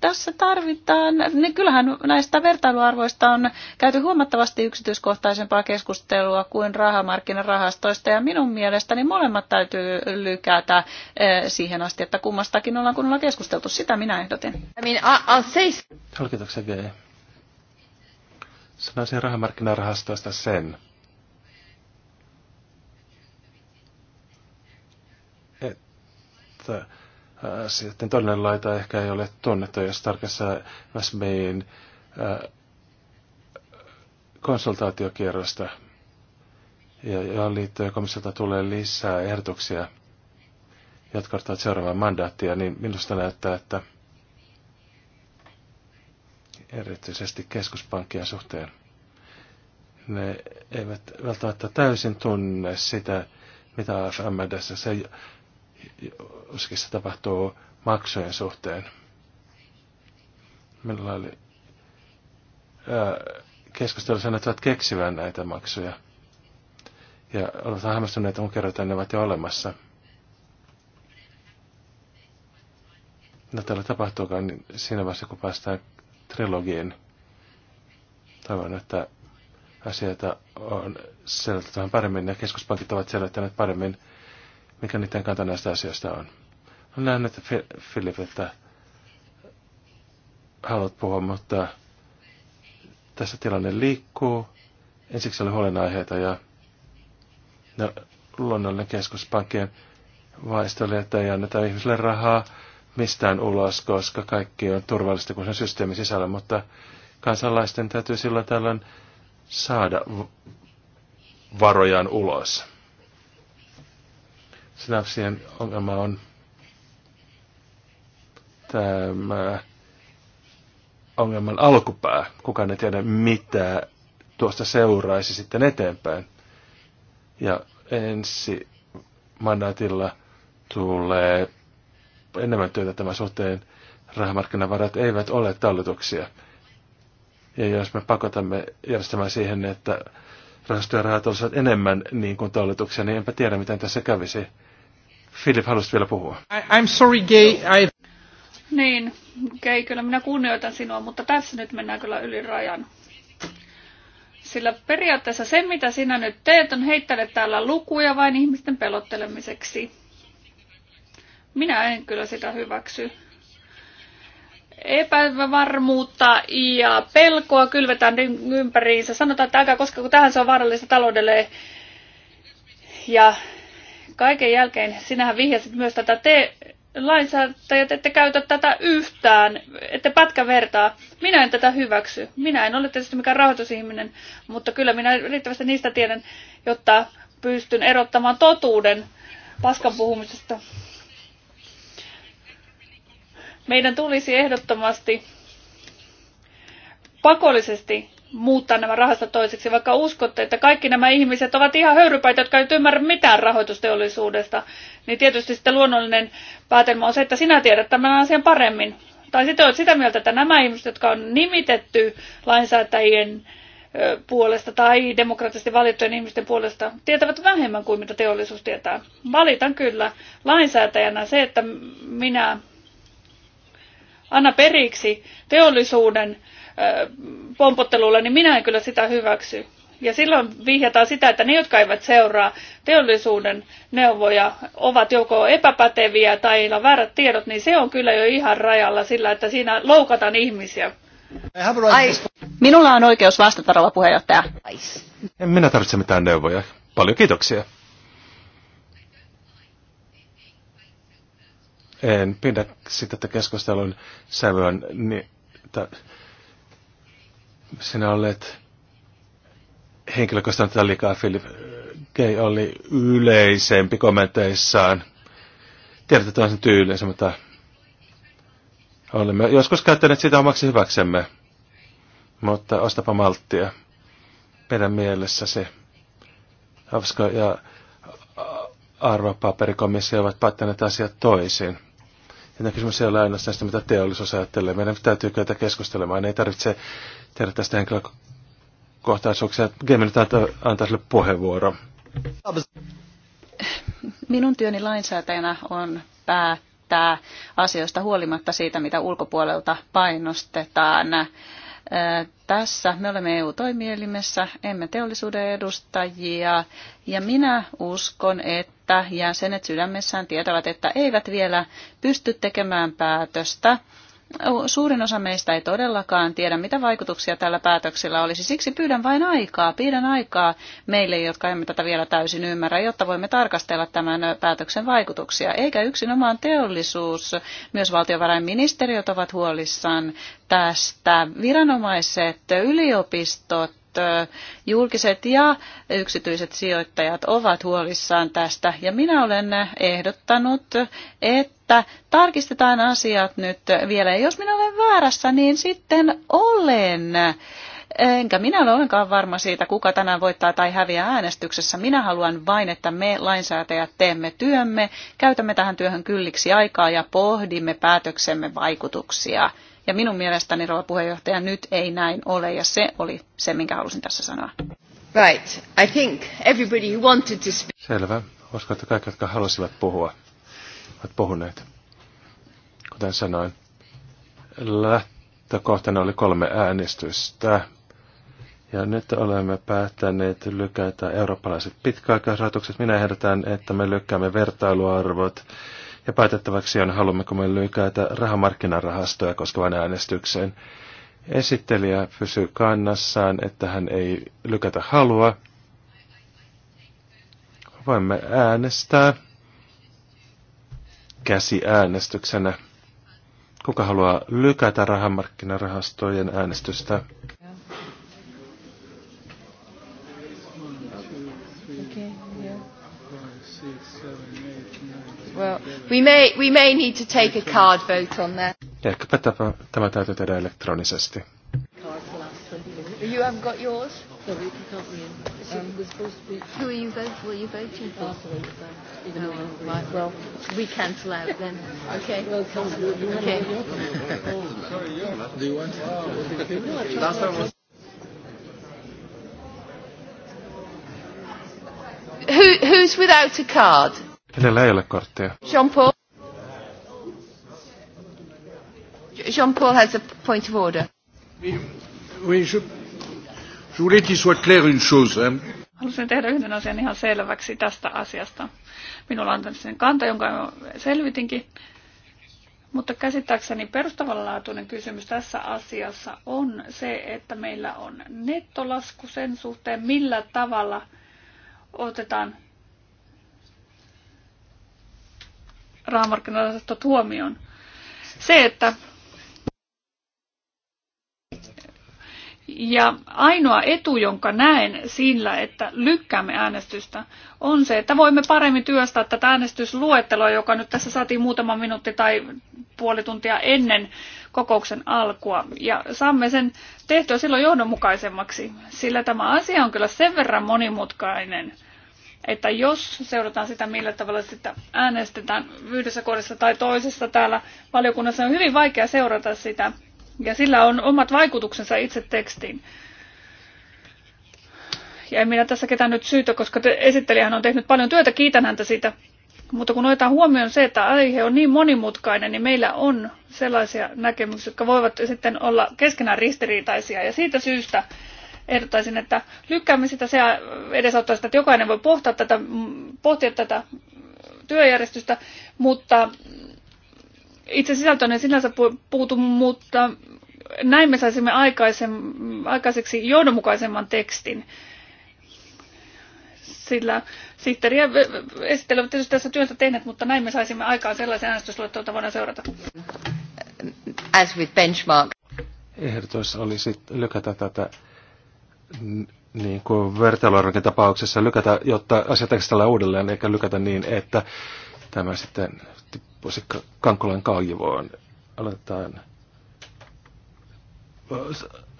tässä tarvitaan, niin kyllähän näistä vertailuarvoista on käyty huomattavasti yksityiskohtaisempaa keskustelua kuin rahamarkkinarahastoista ja minun mielestäni molemmat täytyy lykätä siihen asti, että kummastakin ollaan kunnolla keskusteltu. Sitä minä ehdotin. I mean, I'll say... Tulkituksen Sanoisin rahamarkkinarahastoista sen, että sitten toinen laita ehkä ei ole tunnettu, jos tarkassa SBIin äh, konsultaatiokierrosta, ja, johon liittyen komissiolta tulee lisää ehdotuksia, jotka ottavat seuraavaa mandaattia, niin minusta näyttää, että erityisesti keskuspankkien suhteen ne eivät välttämättä täysin tunne sitä, mitä AFMDssä se Uskissa tapahtuu maksujen suhteen. Meillä oli keskustelu että keksivän näitä maksuja. Ja olivat että on kerrotaan, että ne ovat jo olemassa. No täällä tapahtuukaan niin siinä vaiheessa, kun päästään trilogiin. Toivon, että asioita on selvitetty paremmin ja keskuspankit ovat selvittäneet paremmin mikä niiden kanta näistä asioista on. Näen, että Filip, että haluat puhua, mutta tässä tilanne liikkuu. Ensiksi oli huolenaiheita ja no, luonnollinen keskuspankkien vaisto oli, että ei anneta ihmisille rahaa mistään ulos, koska kaikki on turvallista, kun se on systeemi sisällä, mutta kansalaisten täytyy silloin tällöin saada varojaan ulos synapsien ongelma on tämä ongelman alkupää. Kukaan ei tiedä, mitä tuosta seuraisi sitten eteenpäin. Ja ensi mandaatilla tulee enemmän työtä tämän suhteen. Rahamarkkinavarat eivät ole talletuksia. Ja jos me pakotamme järjestämään siihen, että rahastojen rahat olisivat enemmän niin kuin talletuksia, niin enpä tiedä, miten tässä kävisi. Philip, haluaisit vielä puhua? I, I'm sorry, gay. I... Niin, gay, kyllä minä kunnioitan sinua, mutta tässä nyt mennään kyllä yli rajan. Sillä periaatteessa se, mitä sinä nyt teet, on heittänyt täällä lukuja vain ihmisten pelottelemiseksi. Minä en kyllä sitä hyväksy epävarmuutta ja pelkoa kylvetään ympäriinsä. Sanotaan, että älkää koska kun tähän se on vaarallista taloudelle ja Kaiken jälkeen sinähän vihjasit myös tätä te lainsäätäjät, ette käytä tätä yhtään, ette pätkä vertaa. Minä en tätä hyväksy. Minä en ole tietysti mikään rahoitusihminen, mutta kyllä minä riittävästi niistä tiedän, jotta pystyn erottamaan totuuden paskan puhumisesta. Meidän tulisi ehdottomasti pakollisesti muuttaa nämä rahasta toiseksi, vaikka uskotte, että kaikki nämä ihmiset ovat ihan höyrypäitä, jotka eivät ymmärrä mitään rahoitusteollisuudesta, niin tietysti sitten luonnollinen päätelmä on se, että sinä tiedät tämän asian paremmin. Tai sitten olet sitä mieltä, että nämä ihmiset, jotka on nimitetty lainsäätäjien puolesta tai demokraattisesti valittujen ihmisten puolesta tietävät vähemmän kuin mitä teollisuus tietää. Valitan kyllä lainsäätäjänä se, että minä anna periksi teollisuuden pompottelulla, niin minä en kyllä sitä hyväksy. Ja silloin vihjataan sitä, että ne, jotka eivät seuraa teollisuuden neuvoja, ovat joko epäpäteviä tai heillä on väärät tiedot, niin se on kyllä jo ihan rajalla sillä, että siinä loukataan ihmisiä. Ai, minulla on oikeus vastata, rouva puheenjohtaja. En minä tarvitse mitään neuvoja. Paljon kiitoksia. En pidä sitä, että keskustelun sävyä niin, sinä olet henkilökohtaisesti liikaa Philip Gay oli yleisempi kommenteissaan. Tiedätte sen tyylinsä, mutta olemme joskus käyttäneet sitä omaksi hyväksemme. Mutta ostapa malttia. Meidän mielessä se Avska ja arvopaperikomissio ovat päättäneet asiat toisin. Ja kysymys ei ole aina näistä, mitä teollisuus ajattelee. Meidän täytyy kyetä keskustelemaan. Ei tarvitse tehdä tästä henkilökohtaisuuksia. Gemini antaa, antaa sille puheenvuoro. Minun työni lainsäätäjänä on päättää asioista huolimatta siitä, mitä ulkopuolelta painostetaan tässä. Me olemme EU-toimielimessä, emme teollisuuden edustajia. Ja minä uskon, että jäsenet sydämessään tietävät, että eivät vielä pysty tekemään päätöstä Suurin osa meistä ei todellakaan tiedä, mitä vaikutuksia tällä päätöksellä olisi. Siksi pyydän vain aikaa, pyydän aikaa meille, jotka emme tätä vielä täysin ymmärrä, jotta voimme tarkastella tämän päätöksen vaikutuksia. Eikä yksinomaan teollisuus, myös valtiovarainministeriöt ovat huolissaan tästä. Viranomaiset, yliopistot, julkiset ja yksityiset sijoittajat ovat huolissaan tästä. Ja minä olen ehdottanut, että että tarkistetaan asiat nyt vielä. Ja jos minä olen väärässä, niin sitten olen. Enkä minä ole ollenkaan varma siitä, kuka tänään voittaa tai häviää äänestyksessä. Minä haluan vain, että me lainsäätäjät teemme työmme, käytämme tähän työhön kylliksi aikaa ja pohdimme päätöksemme vaikutuksia. Ja minun mielestäni, rouva puheenjohtaja, nyt ei näin ole, ja se oli se, minkä halusin tässä sanoa. Right. I think everybody wanted to speak. Selvä. Uskon, että kaikki, jotka halusivat puhua, ovat puhuneet. Kuten sanoin, lähtökohtana oli kolme äänestystä. Ja nyt olemme päättäneet lykätä eurooppalaiset pitkäaikaisrahoitukset. Minä ehdotan, että me lykkäämme vertailuarvot ja päätettäväksi on, haluammeko me lykätä rahamarkkinarahastoja koskevan äänestykseen. Esittelijä pysyy kannassaan, että hän ei lykätä halua. Voimme äänestää käsiäänestyksenä. Kuka haluaa lykätä rahamarkkinarahastojen äänestystä? Well, we may, we may need to take a card vote on that. Ehkäpä tämä, tämä täytyy tehdä elektronisesti. You haven't got yours? Sorry, we can't hear. Um, we're supposed to be. Who are you voting for? Are you voting for? Oh, sorry, even oh, well, right. Well, we cancel out then. okay. Well, come. Do, do okay. Do you want? Last time was. Who, who's without a card? Kenellä ei ole korttia? Jean-Paul. Jean-Paul has a point of order. We, we should... Haluaisin Halusin tehdä yhden asian ihan selväksi tästä asiasta. Minulla on tämmöinen kanta, jonka selvitinkin. Mutta käsittääkseni perustavanlaatuinen kysymys tässä asiassa on se, että meillä on nettolasku sen suhteen, millä tavalla otetaan rahamarkkinoilla huomioon. Se, että Ja ainoa etu, jonka näen sillä, että lykkäämme äänestystä, on se, että voimme paremmin työstää tätä äänestysluetteloa, joka nyt tässä saatiin muutama minuutti tai puoli tuntia ennen kokouksen alkua. Ja saamme sen tehtyä silloin johdonmukaisemmaksi, sillä tämä asia on kyllä sen verran monimutkainen, että jos seurataan sitä, millä tavalla sitä äänestetään yhdessä kohdassa tai toisessa täällä valiokunnassa, on hyvin vaikea seurata sitä ja sillä on omat vaikutuksensa itse tekstiin. Ja en minä tässä ketään nyt syytä, koska te, esittelijähän on tehnyt paljon työtä, kiitän häntä siitä. Mutta kun otetaan huomioon se, että aihe on niin monimutkainen, niin meillä on sellaisia näkemyksiä, jotka voivat sitten olla keskenään ristiriitaisia. Ja siitä syystä ehdottaisin, että lykkäämme sitä, se edesauttaa sitä, että jokainen voi pohtia tätä, pohtia tätä työjärjestystä, mutta itse sisältöön ei sinänsä puutu, mutta näin me saisimme aikaiseksi johdonmukaisemman tekstin. Sillä sihteeriä ja esittelevät tietysti tässä työtä tehneet, mutta näin me saisimme aikaan sellaisen äänestysluettelon, jota voidaan seurata. As with benchmark. Ehdotus sitten lykätä tätä niin kuin vertailuarvokin tapauksessa lykätä, jotta asia uudelleen, eikä lykätä niin, että tämä sitten tippuisi Kankolan kaivoon. Aloitetaan.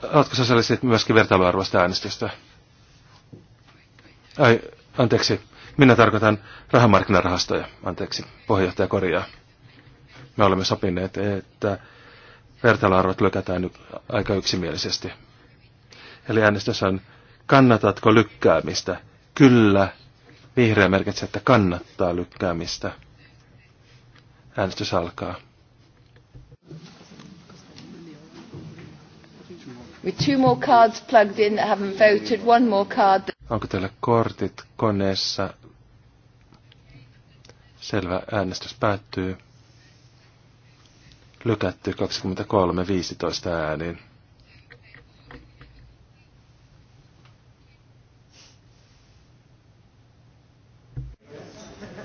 Oletko sellaiset myöskin vertailuarvoista äänestystä? Ai, anteeksi. Minä tarkoitan rahamarkkinarahastoja. Anteeksi, puheenjohtaja korjaa. Me olemme sopineet, että vertailuarvot lykätään nyt aika yksimielisesti. Eli äänestys on, kannatatko lykkäämistä? Kyllä. Vihreä merkitsee, että kannattaa lykkäämistä. Äänestys alkaa. With two more cards plugged in that haven't voted, one more card. Onko teillä kortit koneessa? Selvä, äänestys päättyy. Lykätty 23.15 ääniin.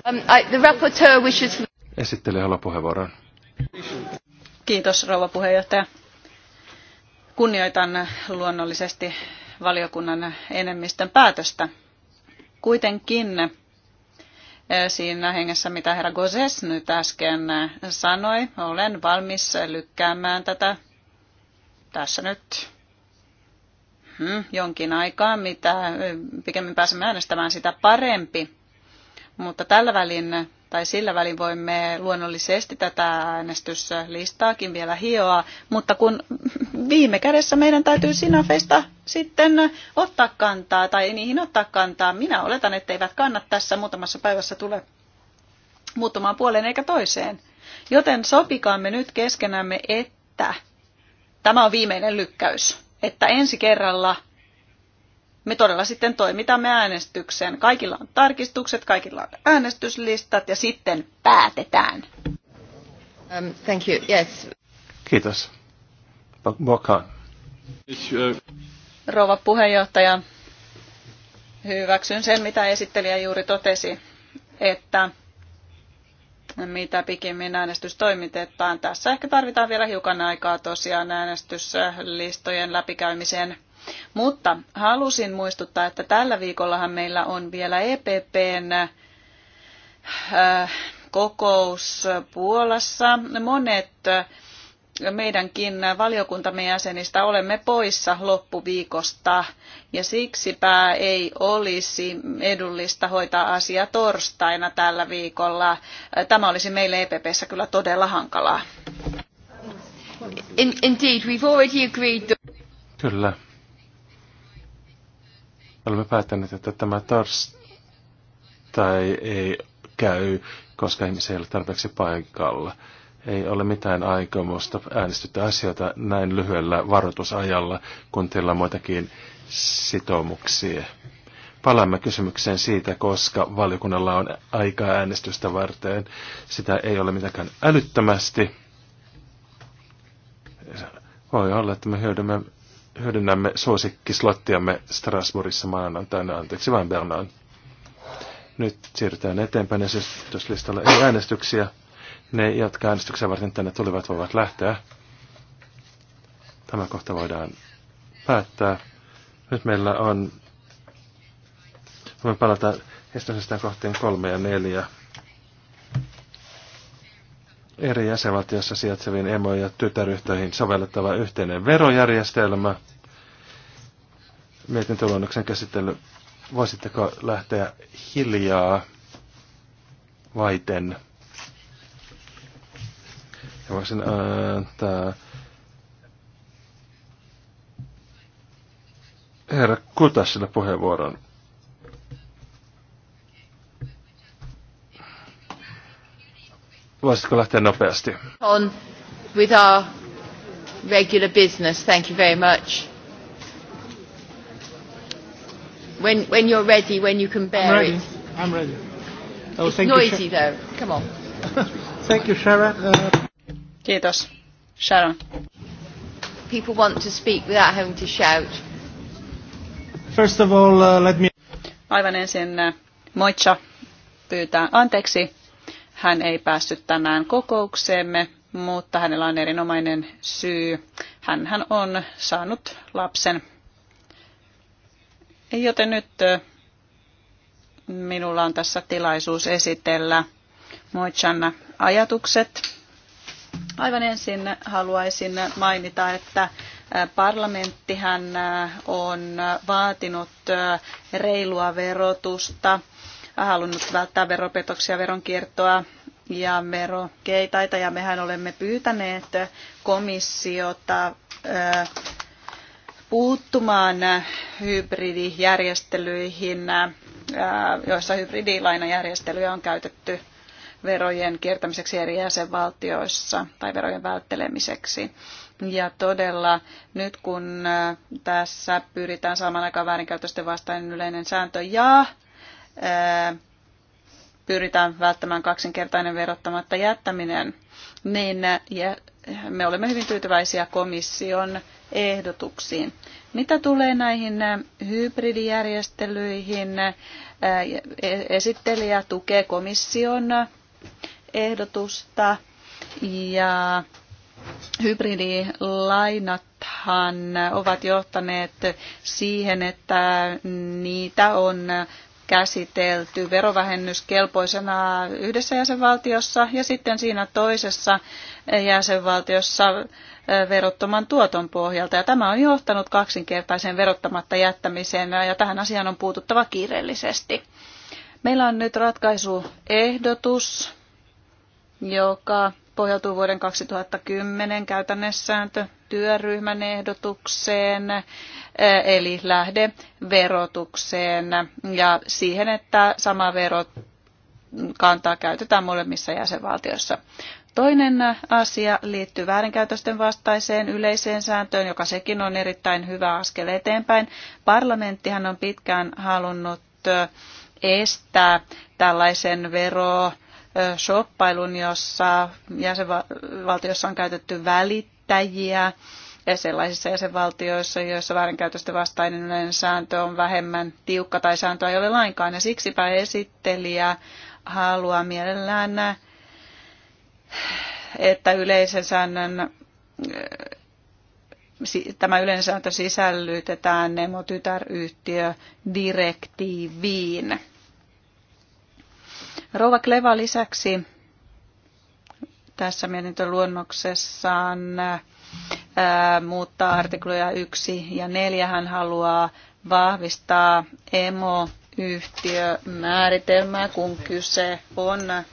Um, I, the rapporteur wishes esittelee olla puheenvuoron. Kiitos rouva puheenjohtaja. Kunnioitan luonnollisesti valiokunnan enemmistön päätöstä. Kuitenkin eh, siinä hengessä, mitä herra Gozes nyt äsken eh, sanoi, olen valmis lykkäämään tätä tässä nyt hmm, jonkin aikaa, mitä eh, pikemmin pääsemme äänestämään sitä parempi. Mutta tällä välin tai sillä välin voimme luonnollisesti tätä äänestyslistaakin vielä hioa, mutta kun viime kädessä meidän täytyy sinafeista sitten ottaa kantaa tai ei niihin ottaa kantaa. Minä oletan, että eivät kannat tässä muutamassa päivässä tule muuttumaan puoleen eikä toiseen. Joten sopikaamme nyt keskenämme, että tämä on viimeinen lykkäys, että ensi kerralla – me todella sitten toimitamme äänestykseen. Kaikilla on tarkistukset, kaikilla on äänestyslistat ja sitten päätetään. Um, thank you. Yes. Kiitos. Bokan. Rouva puheenjohtaja, hyväksyn sen, mitä esittelijä juuri totesi, että mitä pikimmin äänestys toimitetaan. Tässä ehkä tarvitaan vielä hiukan aikaa tosiaan äänestyslistojen läpikäymiseen mutta halusin muistuttaa, että tällä viikollahan meillä on vielä EPPn äh, kokous Puolassa. Monet äh, meidänkin valiokuntamme jäsenistä olemme poissa loppuviikosta ja siksipä ei olisi edullista hoitaa asia torstaina tällä viikolla. Äh, tämä olisi meille EPPssä kyllä todella hankalaa. In, indeed, we've already agreed Kyllä, olemme päättäneet, että tämä torstai ei käy, koska ihmisiä ei ole tarpeeksi paikalla. Ei ole mitään aikomusta äänestytä asioita näin lyhyellä varoitusajalla, kun teillä on muitakin sitoumuksia. Palaamme kysymykseen siitä, koska valiokunnalla on aikaa äänestystä varten. Sitä ei ole mitenkään älyttömästi. Voi olla, että me hyödymme hyödynnämme suosikkislottiamme Strasbourgissa maanantaina. Anteeksi vain Bernaan. Nyt siirrytään eteenpäin esityslistalle. Ei äänestyksiä. Ne, jotka äänestyksiä varten tänne tulivat, voivat lähteä. Tämä kohta voidaan päättää. Nyt meillä on... Voimme palata esityslistan kohteen kolme ja neljä eri jäsenvaltiossa sijaitseviin emo- ja tytäryhtiöihin sovellettava yhteinen verojärjestelmä. Mietintöluonnoksen käsittely. Voisitteko lähteä hiljaa vaiten? Ja voisin antaa herra Kutasille puheenvuoron. Voisitko lähteä nopeasti? On with our regular business. Thank you very much. When, when you're ready, when you can bear I'm ready. it. I'm ready. Oh, It's thank noisy you, though. Come on. thank you, Sharon. Uh... Kiitos, Sharon. People want to speak without having to shout. First of all, uh, let me... Aivan ensin uh, Moitsa pyytää anteeksi hän ei päässyt tänään kokoukseemme, mutta hänellä on erinomainen syy. hän on saanut lapsen. Joten nyt minulla on tässä tilaisuus esitellä Moitsanna ajatukset. Aivan ensin haluaisin mainita, että parlamenttihän on vaatinut reilua verotusta – halunnut välttää veropetoksia, veronkiertoa ja verokeitaita. Ja mehän olemme pyytäneet komissiota puuttumaan hybridijärjestelyihin, joissa hybridilainajärjestelyjä on käytetty verojen kiertämiseksi eri jäsenvaltioissa tai verojen välttelemiseksi. Ja todella nyt kun tässä pyritään saamaan aikaan väärinkäytösten vastainen yleinen sääntö ja pyritään välttämään kaksinkertainen verottamatta jättäminen, niin me olemme hyvin tyytyväisiä komission ehdotuksiin. Mitä tulee näihin hybridijärjestelyihin, e, esittelijä tukee komission ehdotusta ja hybridilainathan ovat johtaneet siihen, että niitä on käsitelty verovähennyskelpoisena yhdessä jäsenvaltiossa ja sitten siinä toisessa jäsenvaltiossa verottoman tuoton pohjalta. Ja tämä on johtanut kaksinkertaisen verottamatta jättämiseen ja tähän asiaan on puututtava kiireellisesti. Meillä on nyt ratkaisuehdotus, joka pohjautuu vuoden 2010 käytännessääntö työryhmän ehdotukseen, eh, eli lähdeverotukseen ja siihen, että sama verokantaa käytetään molemmissa jäsenvaltioissa. Toinen asia liittyy väärinkäytösten vastaiseen yleiseen sääntöön, joka sekin on erittäin hyvä askel eteenpäin. Parlamenttihan on pitkään halunnut eh, estää tällaisen vero shoppailun, jossa jäsenvaltiossa on käytetty välittäjiä sellaisissa jäsenvaltioissa, joissa väärinkäytöstä vastainen sääntö on vähemmän tiukka tai sääntö ei ole lainkaan. Ja siksipä esittelijä haluaa mielellään, että yleisen säännön tämä yleinen sisällytetään Nemo-tytäryhtiö direktiiviin. Rouva Kleva lisäksi tässä mietintöluonnoksessaan ää, muuttaa artikloja 1 ja 4. Hän haluaa vahvistaa emoyhtiömääritelmää, kun kyse on ää,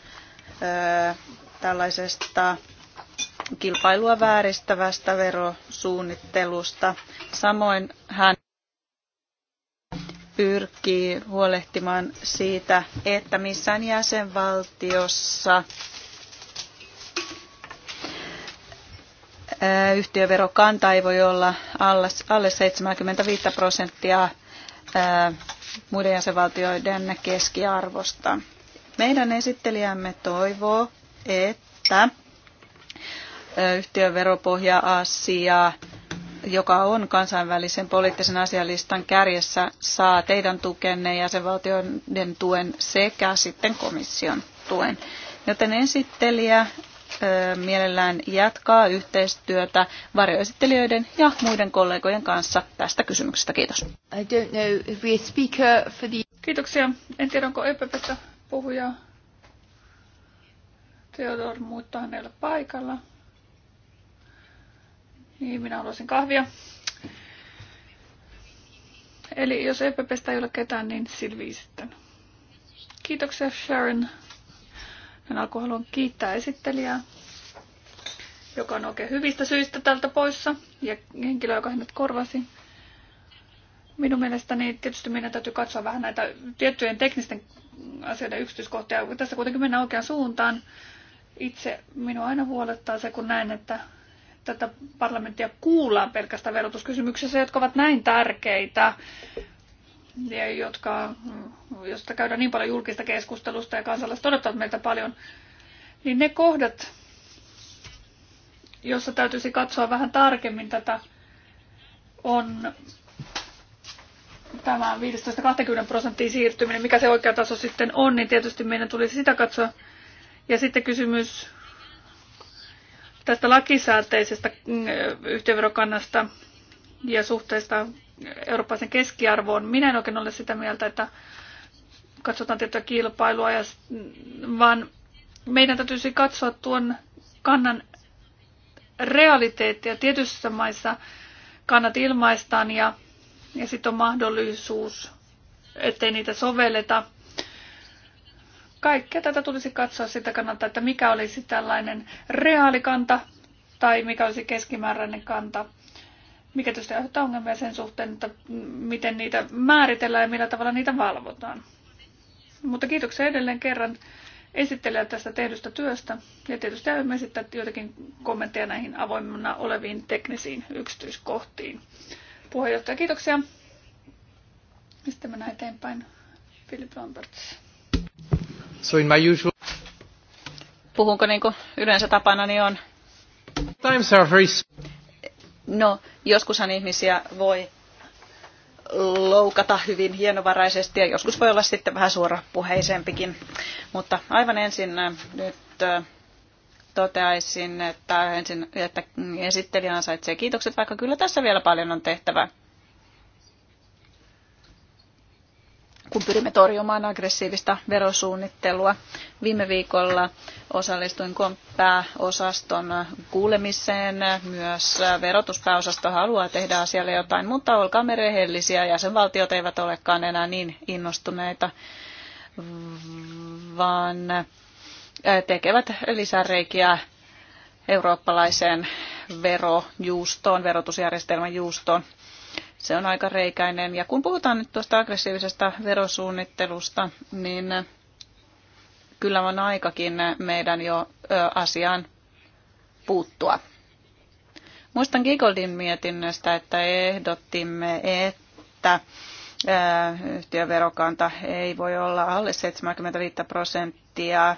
tällaisesta kilpailua vääristävästä verosuunnittelusta. Samoin hän pyrkii huolehtimaan siitä, että missään jäsenvaltiossa yhtiöverokanta ei voi olla alle 75 prosenttia muiden jäsenvaltioiden keskiarvosta. Meidän esittelijämme toivoo, että yhtiöveropohja-asiaa joka on kansainvälisen poliittisen asialistan kärjessä, saa teidän tukenne, valtioiden tuen sekä sitten komission tuen. Joten esittelijä mielellään jatkaa yhteistyötä varjoesittelijöiden ja muiden kollegojen kanssa tästä kysymyksestä. Kiitos. I don't know if we speaker for the... Kiitoksia. En tiedä, onko EPPstä puhuja. Theodor, muuttaa hänellä paikalla. Niin, minä haluaisin kahvia. Eli jos EPPstä ei ole ketään, niin Silvi sitten. Kiitoksia Sharon. Hän alkuun haluan kiittää esittelijää, joka on oikein hyvistä syistä tältä poissa, ja henkilö, joka hänet korvasi. Minun mielestäni tietysti meidän täytyy katsoa vähän näitä tiettyjen teknisten asioiden yksityiskohtia. Tässä kuitenkin mennään oikeaan suuntaan. Itse minua aina huolettaa se, kun näen, että tätä parlamenttia kuullaan pelkästään verotuskysymyksissä, jotka ovat näin tärkeitä ja jotka, josta käydään niin paljon julkista keskustelusta ja kansalaiset odottavat meiltä paljon, niin ne kohdat, jossa täytyisi katsoa vähän tarkemmin tätä, on tämä 15-20 prosenttia siirtyminen, mikä se oikea taso sitten on, niin tietysti meidän tulisi sitä katsoa. Ja sitten kysymys tästä lakisääteisestä mm, yhtiöverokannasta ja suhteesta eurooppalaisen keskiarvoon. Minä en oikein ole sitä mieltä, että katsotaan tiettyä kilpailua, ja, vaan meidän täytyisi katsoa tuon kannan realiteettia. Tietyissä maissa kannat ilmaistaan ja, ja sitten on mahdollisuus, ettei niitä sovelleta Kaikkea tätä tulisi katsoa sitä kannalta, että mikä olisi tällainen reaalikanta tai mikä olisi keskimääräinen kanta, mikä tietysti aiheuttaa ongelmia sen suhteen, että miten niitä määritellään ja millä tavalla niitä valvotaan. Mutta kiitoksia edelleen kerran esittelijä tästä tehdystä työstä ja tietysti aiomme esittää joitakin kommentteja näihin avoimena oleviin teknisiin yksityiskohtiin. Puheenjohtaja, kiitoksia. Sitten mennään eteenpäin. Philip Lamberts. So in my usual... Puhunko niin kuin yleensä tapana niin on? Times are very... No, joskushan ihmisiä voi loukata hyvin hienovaraisesti ja joskus voi olla sitten vähän suorapuheisempikin. Mutta aivan ensin äh, nyt äh, toteaisin, että, ensin, että esittelijä ansaitsee kiitokset, vaikka kyllä tässä vielä paljon on tehtävää. kun pyrimme torjumaan aggressiivista verosuunnittelua. Viime viikolla osallistuin pääosaston kuulemiseen. Myös verotuspääosasto haluaa tehdä asialle jotain, mutta olkaamme rehellisiä. Jäsenvaltiot eivät olekaan enää niin innostuneita, vaan tekevät lisäreikiä eurooppalaiseen verojuustoon, verotusjärjestelmän juustoon se on aika reikäinen. Ja kun puhutaan nyt tuosta aggressiivisesta verosuunnittelusta, niin kyllä on aikakin meidän jo asiaan puuttua. Muistan Gigoldin mietinnöstä, että ehdottimme, että yhtiöverokanta ei voi olla alle 75 prosenttia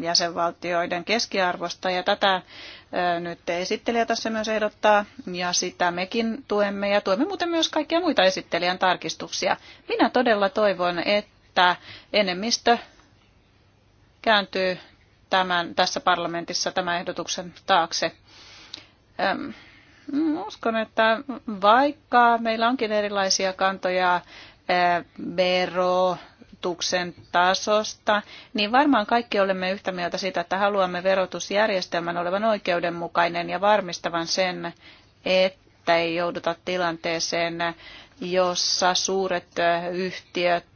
jäsenvaltioiden keskiarvosta ja tätä nyt esittelijä tässä myös ehdottaa ja sitä mekin tuemme ja tuemme muuten myös kaikkia muita esittelijän tarkistuksia. Minä todella toivon, että enemmistö kääntyy tämän, tässä parlamentissa tämän ehdotuksen taakse. Öm, uskon, että vaikka meillä onkin erilaisia kantoja vero, verotuksen tasosta, niin varmaan kaikki olemme yhtä mieltä siitä, että haluamme verotusjärjestelmän olevan oikeudenmukainen ja varmistavan sen, että ei jouduta tilanteeseen, jossa suuret yhtiöt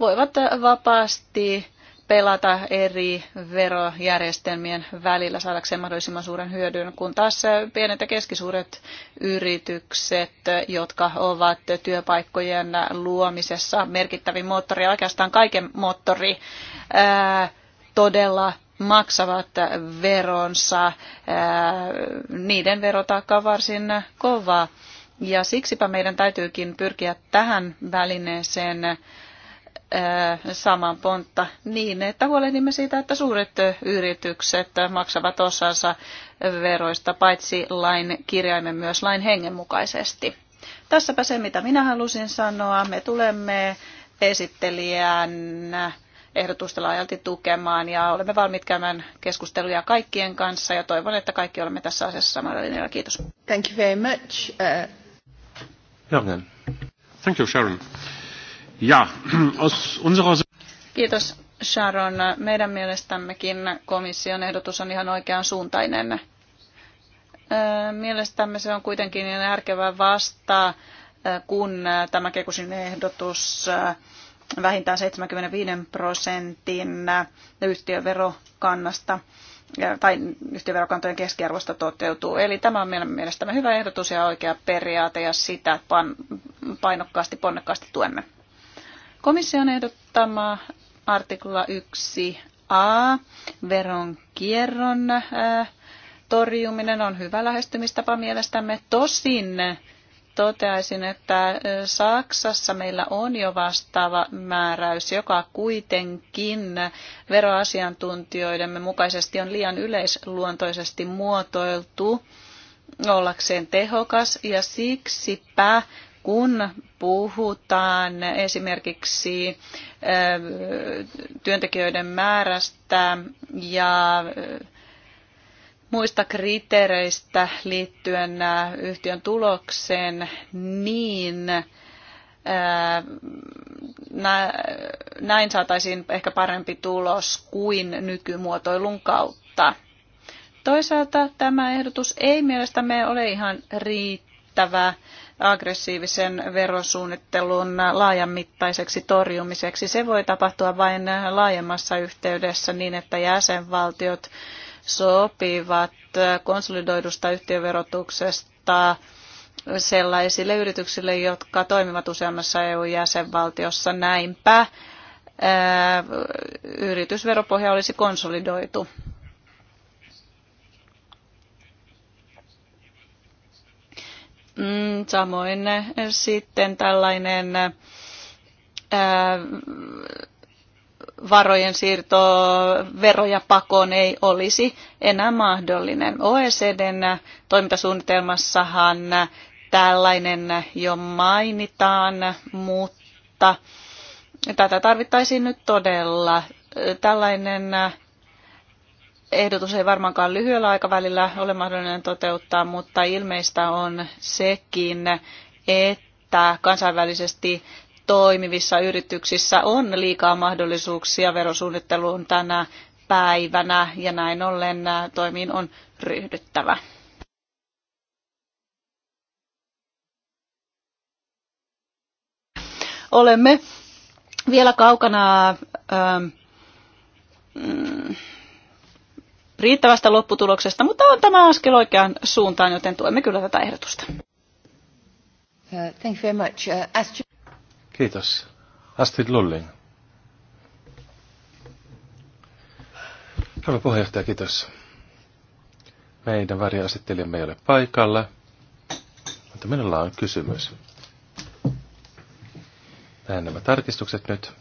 voivat vapaasti pelata eri verojärjestelmien välillä saadakseen mahdollisimman suuren hyödyn, kun taas pienet ja keskisuuret yritykset, jotka ovat työpaikkojen luomisessa merkittävin moottori oikeastaan kaiken moottori, todella maksavat veronsa. Niiden verotaakka on varsin kova. Ja siksipä meidän täytyykin pyrkiä tähän välineeseen saman pontta niin, että huolehdimme siitä, että suuret yritykset maksavat osansa veroista paitsi lain kirjaimen myös lain hengen mukaisesti. Tässäpä se, mitä minä halusin sanoa. Me tulemme esittelijän ehdotusta laajalti tukemaan ja olemme valmiit käymään keskusteluja kaikkien kanssa ja toivon, että kaikki olemme tässä asiassa samalla linjalla. Kiitos. Thank you very much. Uh... Thank you, Sharon. Ja, aus unserer... Kiitos Sharon. Meidän mielestämmekin komission ehdotus on ihan oikean suuntainen. Mielestämme se on kuitenkin järkevää vastaa, kun tämä Kekusin ehdotus vähintään 75 prosentin yhtiöverokannasta tai yhtiöverokantojen keskiarvosta toteutuu. Eli tämä on meidän mielestämme hyvä ehdotus ja oikea periaate ja sitä painokkaasti, ponnekkaasti tuemme. Komission ehdottama artikla 1a veronkierron äh, torjuminen on hyvä lähestymistapa mielestämme. Tosin toteaisin, että äh, Saksassa meillä on jo vastaava määräys, joka kuitenkin veroasiantuntijoidemme mukaisesti on liian yleisluontoisesti muotoiltu ollakseen tehokas ja siksipä kun puhutaan esimerkiksi työntekijöiden määrästä ja muista kriteereistä liittyen yhtiön tulokseen, niin näin saataisiin ehkä parempi tulos kuin nykymuotoilun kautta. Toisaalta tämä ehdotus ei mielestämme ole ihan riittävä aggressiivisen verosuunnittelun laajamittaiseksi torjumiseksi. Se voi tapahtua vain laajemmassa yhteydessä niin, että jäsenvaltiot sopivat konsolidoidusta yhtiöverotuksesta sellaisille yrityksille, jotka toimivat useammassa EU-jäsenvaltiossa. Näinpä yritysveropohja olisi konsolidoitu. Samoin eh, sitten tällainen eh, varojen siirto veroja pakoon ei olisi enää mahdollinen. OECDn toimintasuunnitelmassahan tällainen jo mainitaan, mutta tätä tarvittaisiin nyt todella. Tällainen ehdotus ei varmaankaan lyhyellä aikavälillä ole mahdollinen toteuttaa, mutta ilmeistä on sekin, että kansainvälisesti toimivissa yrityksissä on liikaa mahdollisuuksia verosuunnitteluun tänä päivänä ja näin ollen toimiin on ryhdyttävä. Olemme vielä kaukana ähm, riittävästä lopputuloksesta, mutta on tämä askel oikeaan suuntaan, joten tuemme kyllä tätä ehdotusta. Uh, thank you very much. Uh, Astrid... Kiitos. Astrid Lulling. Rouva puheenjohtaja, kiitos. Meidän varjoasettelijamme ei ole paikalla, mutta minulla on kysymys. Näen nämä tarkistukset nyt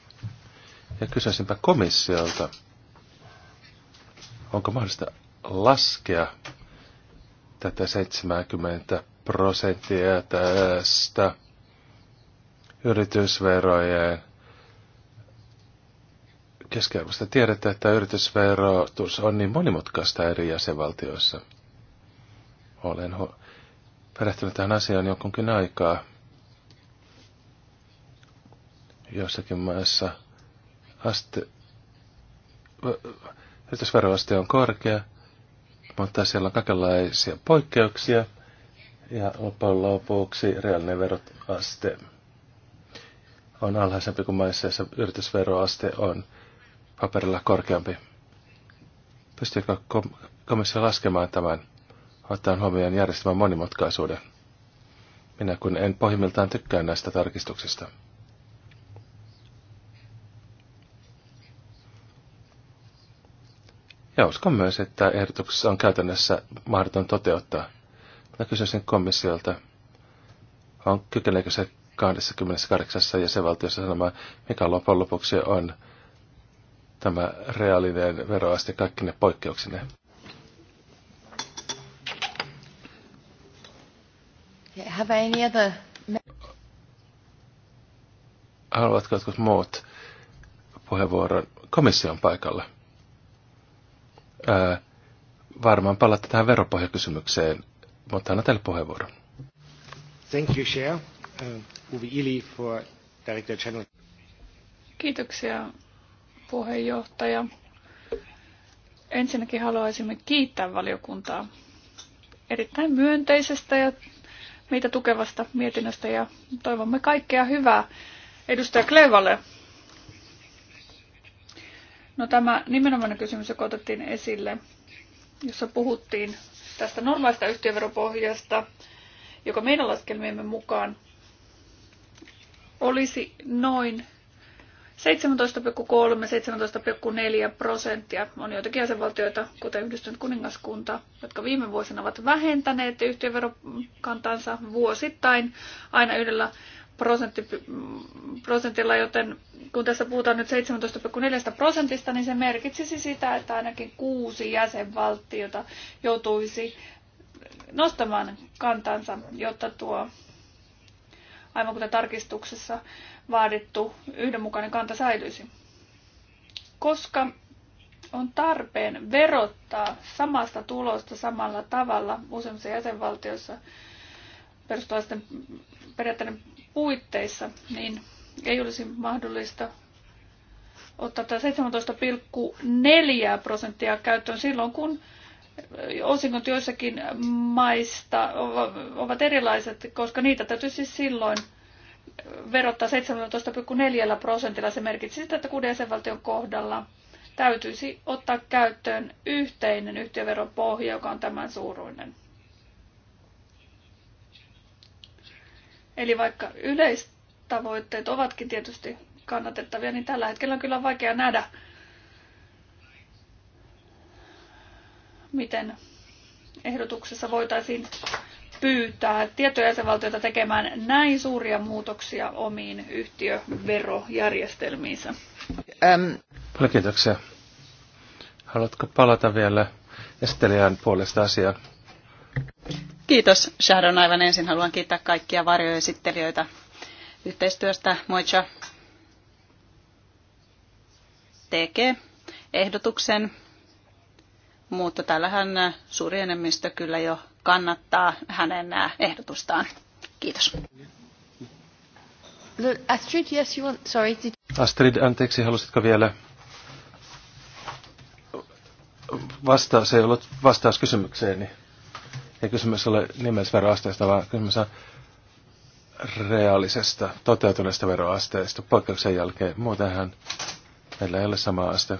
ja kysyisinpä komissiolta. Onko mahdollista laskea tätä 70 prosenttia tästä yritysverojen keskiarvosta tiedetään, että yritysverotus on niin monimutkaista eri jäsenvaltioissa. Olen perehtynyt tähän asiaan jonkunkin aikaa. Jossakin maissa aste- Yritysveroaste on korkea, mutta siellä on kaikenlaisia poikkeuksia ja loppujen lopuksi reaalinen veroaste on alhaisempi kuin maissa, jossa yritysveroaste on paperilla korkeampi. Pystyykö komissio laskemaan tämän, ottaen huomioon järjestelmän monimutkaisuuden? Minä kun en pohjimmiltaan tykkää näistä tarkistuksista. Ja uskon myös, että ehdotuksessa on käytännössä mahdoton toteuttaa. Mä kysyisin komissiolta, on kykeneekö se 28 jäsenvaltiossa sanomaan, mikä lopun lopuksi on tämä reaalinen veroaste kaikki ne poikkeuksine. Have any other... Haluatko jotkut muut puheenvuoron komission paikalla? Ää, varmaan palaatte tähän veropohjakysymykseen, mutta annan teille puheenvuoron. Thank you, Chair. Uh, Uvi Ili for Director General. Kiitoksia, puheenjohtaja. Ensinnäkin haluaisimme kiittää valiokuntaa erittäin myönteisestä ja meitä tukevasta mietinnöstä ja toivomme kaikkea hyvää edustaja Klevalle No tämä nimenomainen kysymys, joka otettiin esille, jossa puhuttiin tästä normaista yhtiöveropohjasta, joka meidän laskelmiemme mukaan olisi noin 17,3-17,4 prosenttia. On joitakin jäsenvaltioita, kuten yhdistynyt kuningaskunta, jotka viime vuosina ovat vähentäneet yhtiöverokantansa vuosittain aina yhdellä prosentti, prosentilla, joten kun tässä puhutaan nyt 17,4 prosentista, niin se merkitsisi sitä, että ainakin kuusi jäsenvaltiota joutuisi nostamaan kantansa, jotta tuo, aivan kuten tarkistuksessa vaadittu, yhdenmukainen kanta säilyisi. Koska on tarpeen verottaa samasta tulosta samalla tavalla useimmissa jäsenvaltioissa, perustuvaisten periaatteiden puitteissa, niin ei olisi mahdollista ottaa tämä 17,4 prosenttia käyttöön silloin, kun osingot joissakin maista ovat erilaiset, koska niitä täytyy siis silloin verottaa 17,4 prosentilla. Se merkitsi sitä, että kuuden jäsenvaltion kohdalla täytyisi ottaa käyttöön yhteinen yhtiöveropohja, joka on tämän suuruinen. Eli vaikka yleistavoitteet ovatkin tietysti kannatettavia, niin tällä hetkellä on kyllä vaikea nähdä, miten ehdotuksessa voitaisiin pyytää tiettyjä jäsenvaltioita tekemään näin suuria muutoksia omiin yhtiöverojärjestelmiinsä. Paljon kiitoksia. Haluatko palata vielä esittelijän puolesta asiaan? Kiitos Sharon. Aivan ensin haluan kiittää kaikkia varjoesittelijöitä yhteistyöstä. Moitsa tekee ehdotuksen, mutta tällähän suuri enemmistö kyllä jo kannattaa hänen ehdotustaan. Kiitos. Astrid, yes, you want, sorry. Did... Astrid, anteeksi, halusitko vielä? Vastaus ei ollut vastaus kysymykseeni ja kysymys ole veroasteesta, vaan kysymys on reaalisesta, toteutuneesta veroasteesta poikkeuksen jälkeen. Muutenhan meillä ei ole sama aste.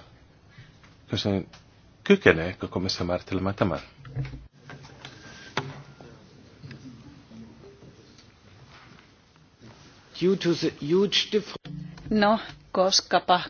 Kysyn, kykeneekö komissio määrittelemään tämän? No, koskapa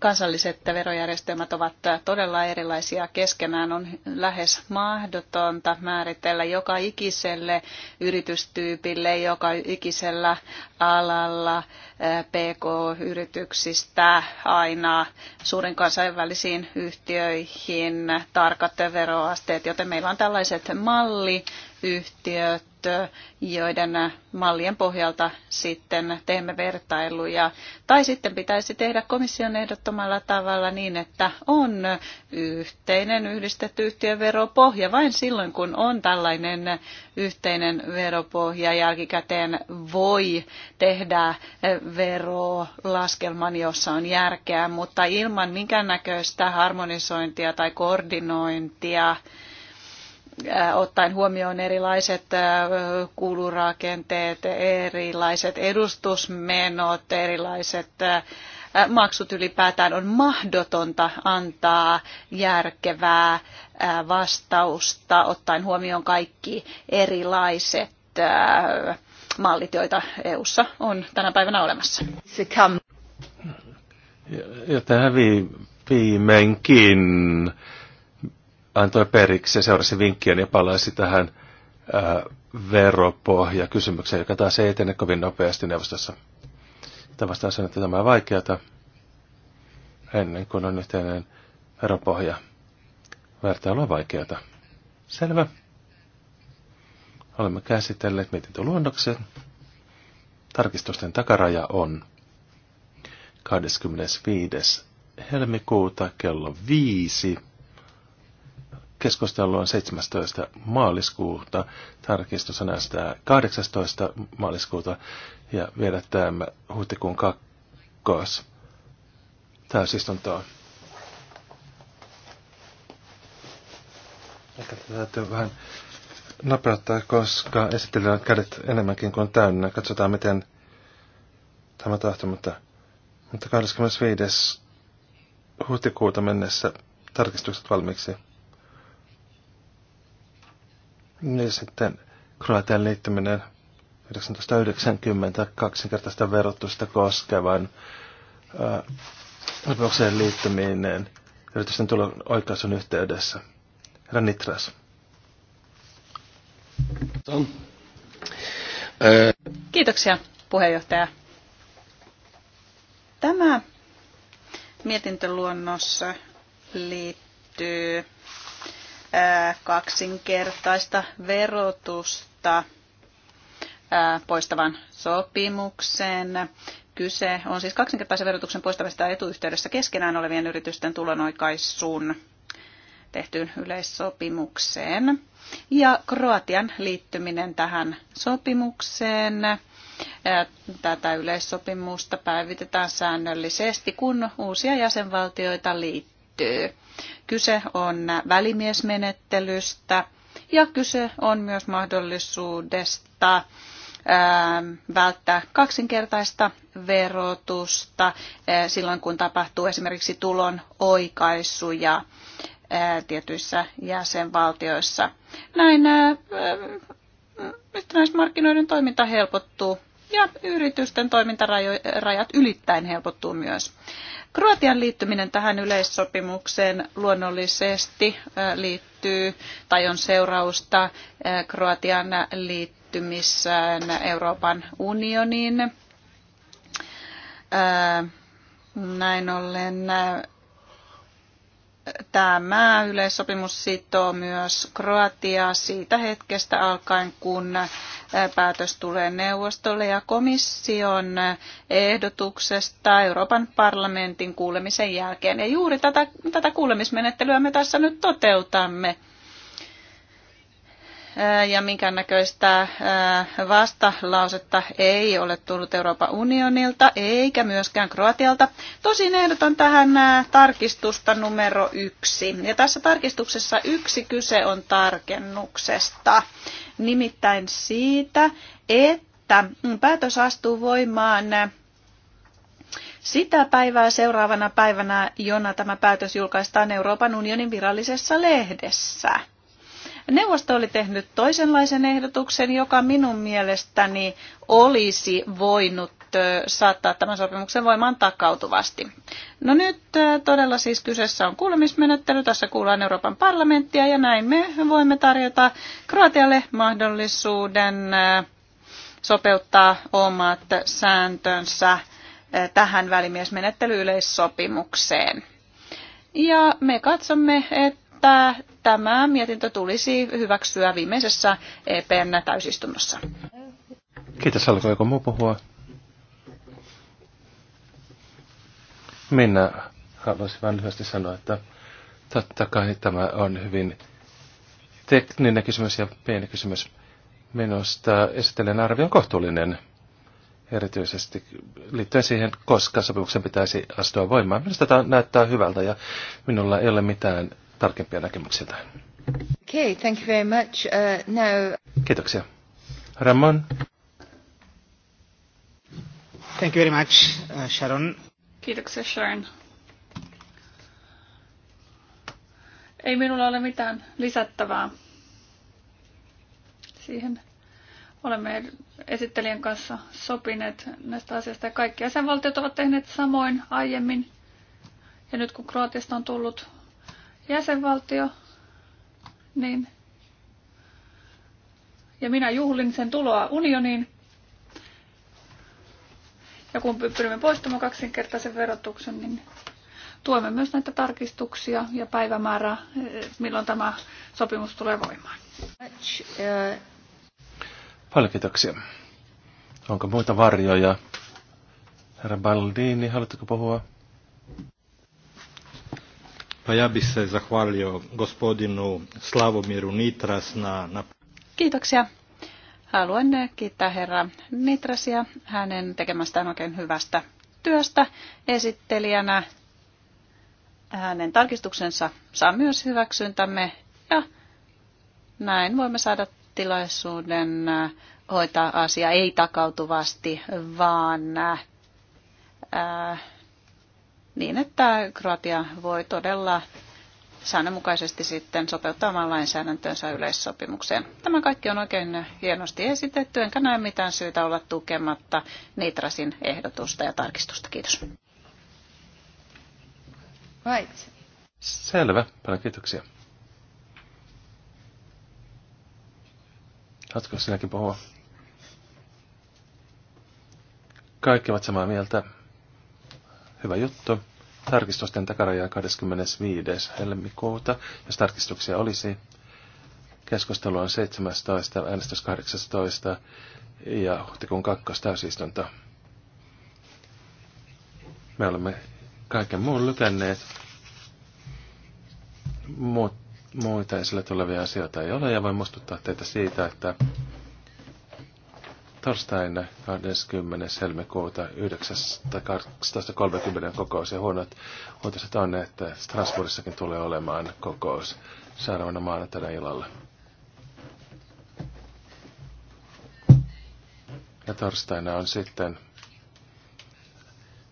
kansalliset verojärjestelmät ovat todella erilaisia keskenään, on lähes mahdotonta määritellä joka ikiselle yritystyypille, joka ikisellä alalla eh, PK-yrityksistä aina suurin kansainvälisiin yhtiöihin tarkat veroasteet, joten meillä on tällaiset malliyhtiöt, joiden mallien pohjalta sitten teemme vertailuja. Tai sitten pitää pitäisi tehdä komission ehdottomalla tavalla niin, että on yhteinen yhdistetty yhtiöveropohja. Vain silloin, kun on tällainen yhteinen veropohja, jälkikäteen voi tehdä verolaskelman, jossa on järkeä, mutta ilman minkäännäköistä harmonisointia tai koordinointia, Äh, ottaen huomioon erilaiset äh, kulurakenteet, erilaiset edustusmenot, erilaiset äh, maksut ylipäätään on mahdotonta antaa järkevää vastausta ottaen huomioon kaikki erilaiset mallit, joita EU:ssa on tänä päivänä olemassa. Ja tähän viimeinkin antoi periksi ja seurasi vinkkiä ja palaisi tähän veropohja kysymykseen, joka taas ei etene kovin nopeasti neuvostossa. Tämä vastaan sen, että tämä on vaikeata ennen kuin on yhteinen veropohja. Vertailu on vaikeata. Selvä. Olemme käsitelleet mietintöluonnoksen. Tarkistusten takaraja on 25. helmikuuta kello 5 keskustelu on 17. maaliskuuta. Tarkistus on 18. maaliskuuta ja vielä tämä huhtikuun kakkos täysistuntoon. Ehkä täytyy vähän nopeuttaa, koska esittelyllä kädet enemmänkin kuin täynnä. Katsotaan, miten tämä tahtoo, mutta, mutta 25. huhtikuuta mennessä tarkistukset valmiiksi. Niin sitten Kroatian liittyminen 1990 kaksinkertaista verotusta koskevan rikokseen liittyminen yritysten tulon oikaisun yhteydessä. Herra Nitras. Kiitoksia puheenjohtaja. Tämä mietintöluonnos liittyy kaksinkertaista verotusta poistavan sopimuksen. Kyse on siis kaksinkertaisen verotuksen poistamista etuyhteydessä keskenään olevien yritysten tulonoikaisuun tehtyyn yleissopimukseen. Ja Kroatian liittyminen tähän sopimukseen. Tätä yleissopimusta päivitetään säännöllisesti, kun uusia jäsenvaltioita liittyy. Kyse on välimiesmenettelystä ja kyse on myös mahdollisuudesta ähm, välttää kaksinkertaista verotusta äh, silloin, kun tapahtuu esimerkiksi tulon oikaisuja äh, tietyissä jäsenvaltioissa. Näin äh, yhtenäismarkkinoiden toiminta helpottuu ja yritysten toimintarajat ylittäen helpottuu myös. Kroatian liittyminen tähän yleissopimukseen luonnollisesti liittyy tai on seurausta Kroatian liittymiseen Euroopan unioniin. Näin ollen tämä yleissopimus sitoo myös Kroatiaa siitä hetkestä alkaen, kun päätös tulee neuvostolle ja komission ehdotuksesta Euroopan parlamentin kuulemisen jälkeen. Ja juuri tätä, tätä kuulemismenettelyä me tässä nyt toteutamme ja minkäännäköistä vastalausetta ei ole tullut Euroopan unionilta eikä myöskään Kroatialta. Tosin ehdotan tähän tarkistusta numero yksi. Ja tässä tarkistuksessa yksi kyse on tarkennuksesta, nimittäin siitä, että päätös astuu voimaan sitä päivää seuraavana päivänä, jona tämä päätös julkaistaan Euroopan unionin virallisessa lehdessä. Neuvosto oli tehnyt toisenlaisen ehdotuksen, joka minun mielestäni olisi voinut saattaa tämän sopimuksen voimaan takautuvasti. No nyt todella siis kyseessä on kuulemismenettely, tässä kuullaan Euroopan parlamenttia ja näin me voimme tarjota Kroatialle mahdollisuuden sopeuttaa omat sääntönsä tähän välimiesmenettelyyleissopimukseen. Ja me katsomme, että tämä mietintö tulisi hyväksyä viimeisessä EPn täysistunnossa. Kiitos, alkoi joku muu puhua. Minä haluaisin vain lyhyesti sanoa, että totta kai tämä on hyvin tekninen kysymys ja pieni kysymys. Minusta esittelen arvion kohtuullinen, erityisesti liittyen siihen, koska sopimuksen pitäisi astua voimaan. Minusta tämä näyttää hyvältä ja minulla ei ole mitään tarkempia näkemyksiä tähän. Okay, thank you very much. Uh, now... Kiitoksia. Ramon. Thank you very much, uh, Sharon. Kiitoksia, Sharon. Ei minulla ole mitään lisättävää siihen. Olemme esittelijän kanssa sopineet näistä asioista ja kaikki jäsenvaltiot ovat tehneet samoin aiemmin. Ja nyt kun Kroatiasta on tullut jäsenvaltio, niin ja minä juhlin sen tuloa unioniin. Ja kun pyrimme poistamaan kaksinkertaisen verotuksen, niin tuemme myös näitä tarkistuksia ja päivämäärää, milloin tämä sopimus tulee voimaan. Paljon kiitoksia. Onko muita varjoja? Herra Baldini, haluatteko puhua? ja bih se zahvalio gospodinu Slavomiru Nitras na... na... Kiitoksia. Haluan kiittää herra Nitrasia hänen tekemästään oikein hyvästä työstä esittelijänä. Hänen tarkistuksensa saa myös hyväksyntämme ja näin voimme saada tilaisuuden hoitaa asia ei takautuvasti, vaan ää, äh, niin, että Kroatia voi todella säännönmukaisesti sitten sopeuttaa oman lainsäädäntöönsä yleissopimukseen. Tämä kaikki on oikein hienosti esitetty, enkä näe mitään syytä olla tukematta Nitrasin ehdotusta ja tarkistusta. Kiitos. Right. Selvä. Paljon kiitoksia. Haluatko sinäkin puhua? Kaikki ovat samaa mieltä. Hyvä juttu tarkistusten takaraja 25. helmikuuta. Jos tarkistuksia olisi, keskustelu on 17, äänestys 18 ja huhtikuun täysistunto. Me olemme kaiken muun lykänneet. muita esille tulevia asioita ei ole ja voin muistuttaa teitä siitä, että torstaina 20. helmikuuta 9.12.30 kokous. Ja huonot uutiset on, että Strasbourgissakin tulee olemaan kokous seuraavana tänä illalla. Ja torstaina on sitten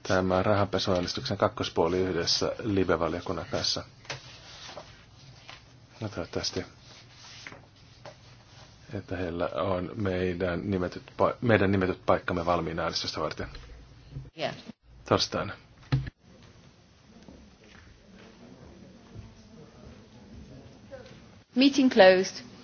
tämä rahanpesuäänestyksen kakkospuoli yhdessä live-valiokunnan kanssa. No toivottavasti että heillä on meidän nimetyt, meidän nimetyt paikkamme valmiina äänestystä varten. Yeah. Torstaina. Meeting closed.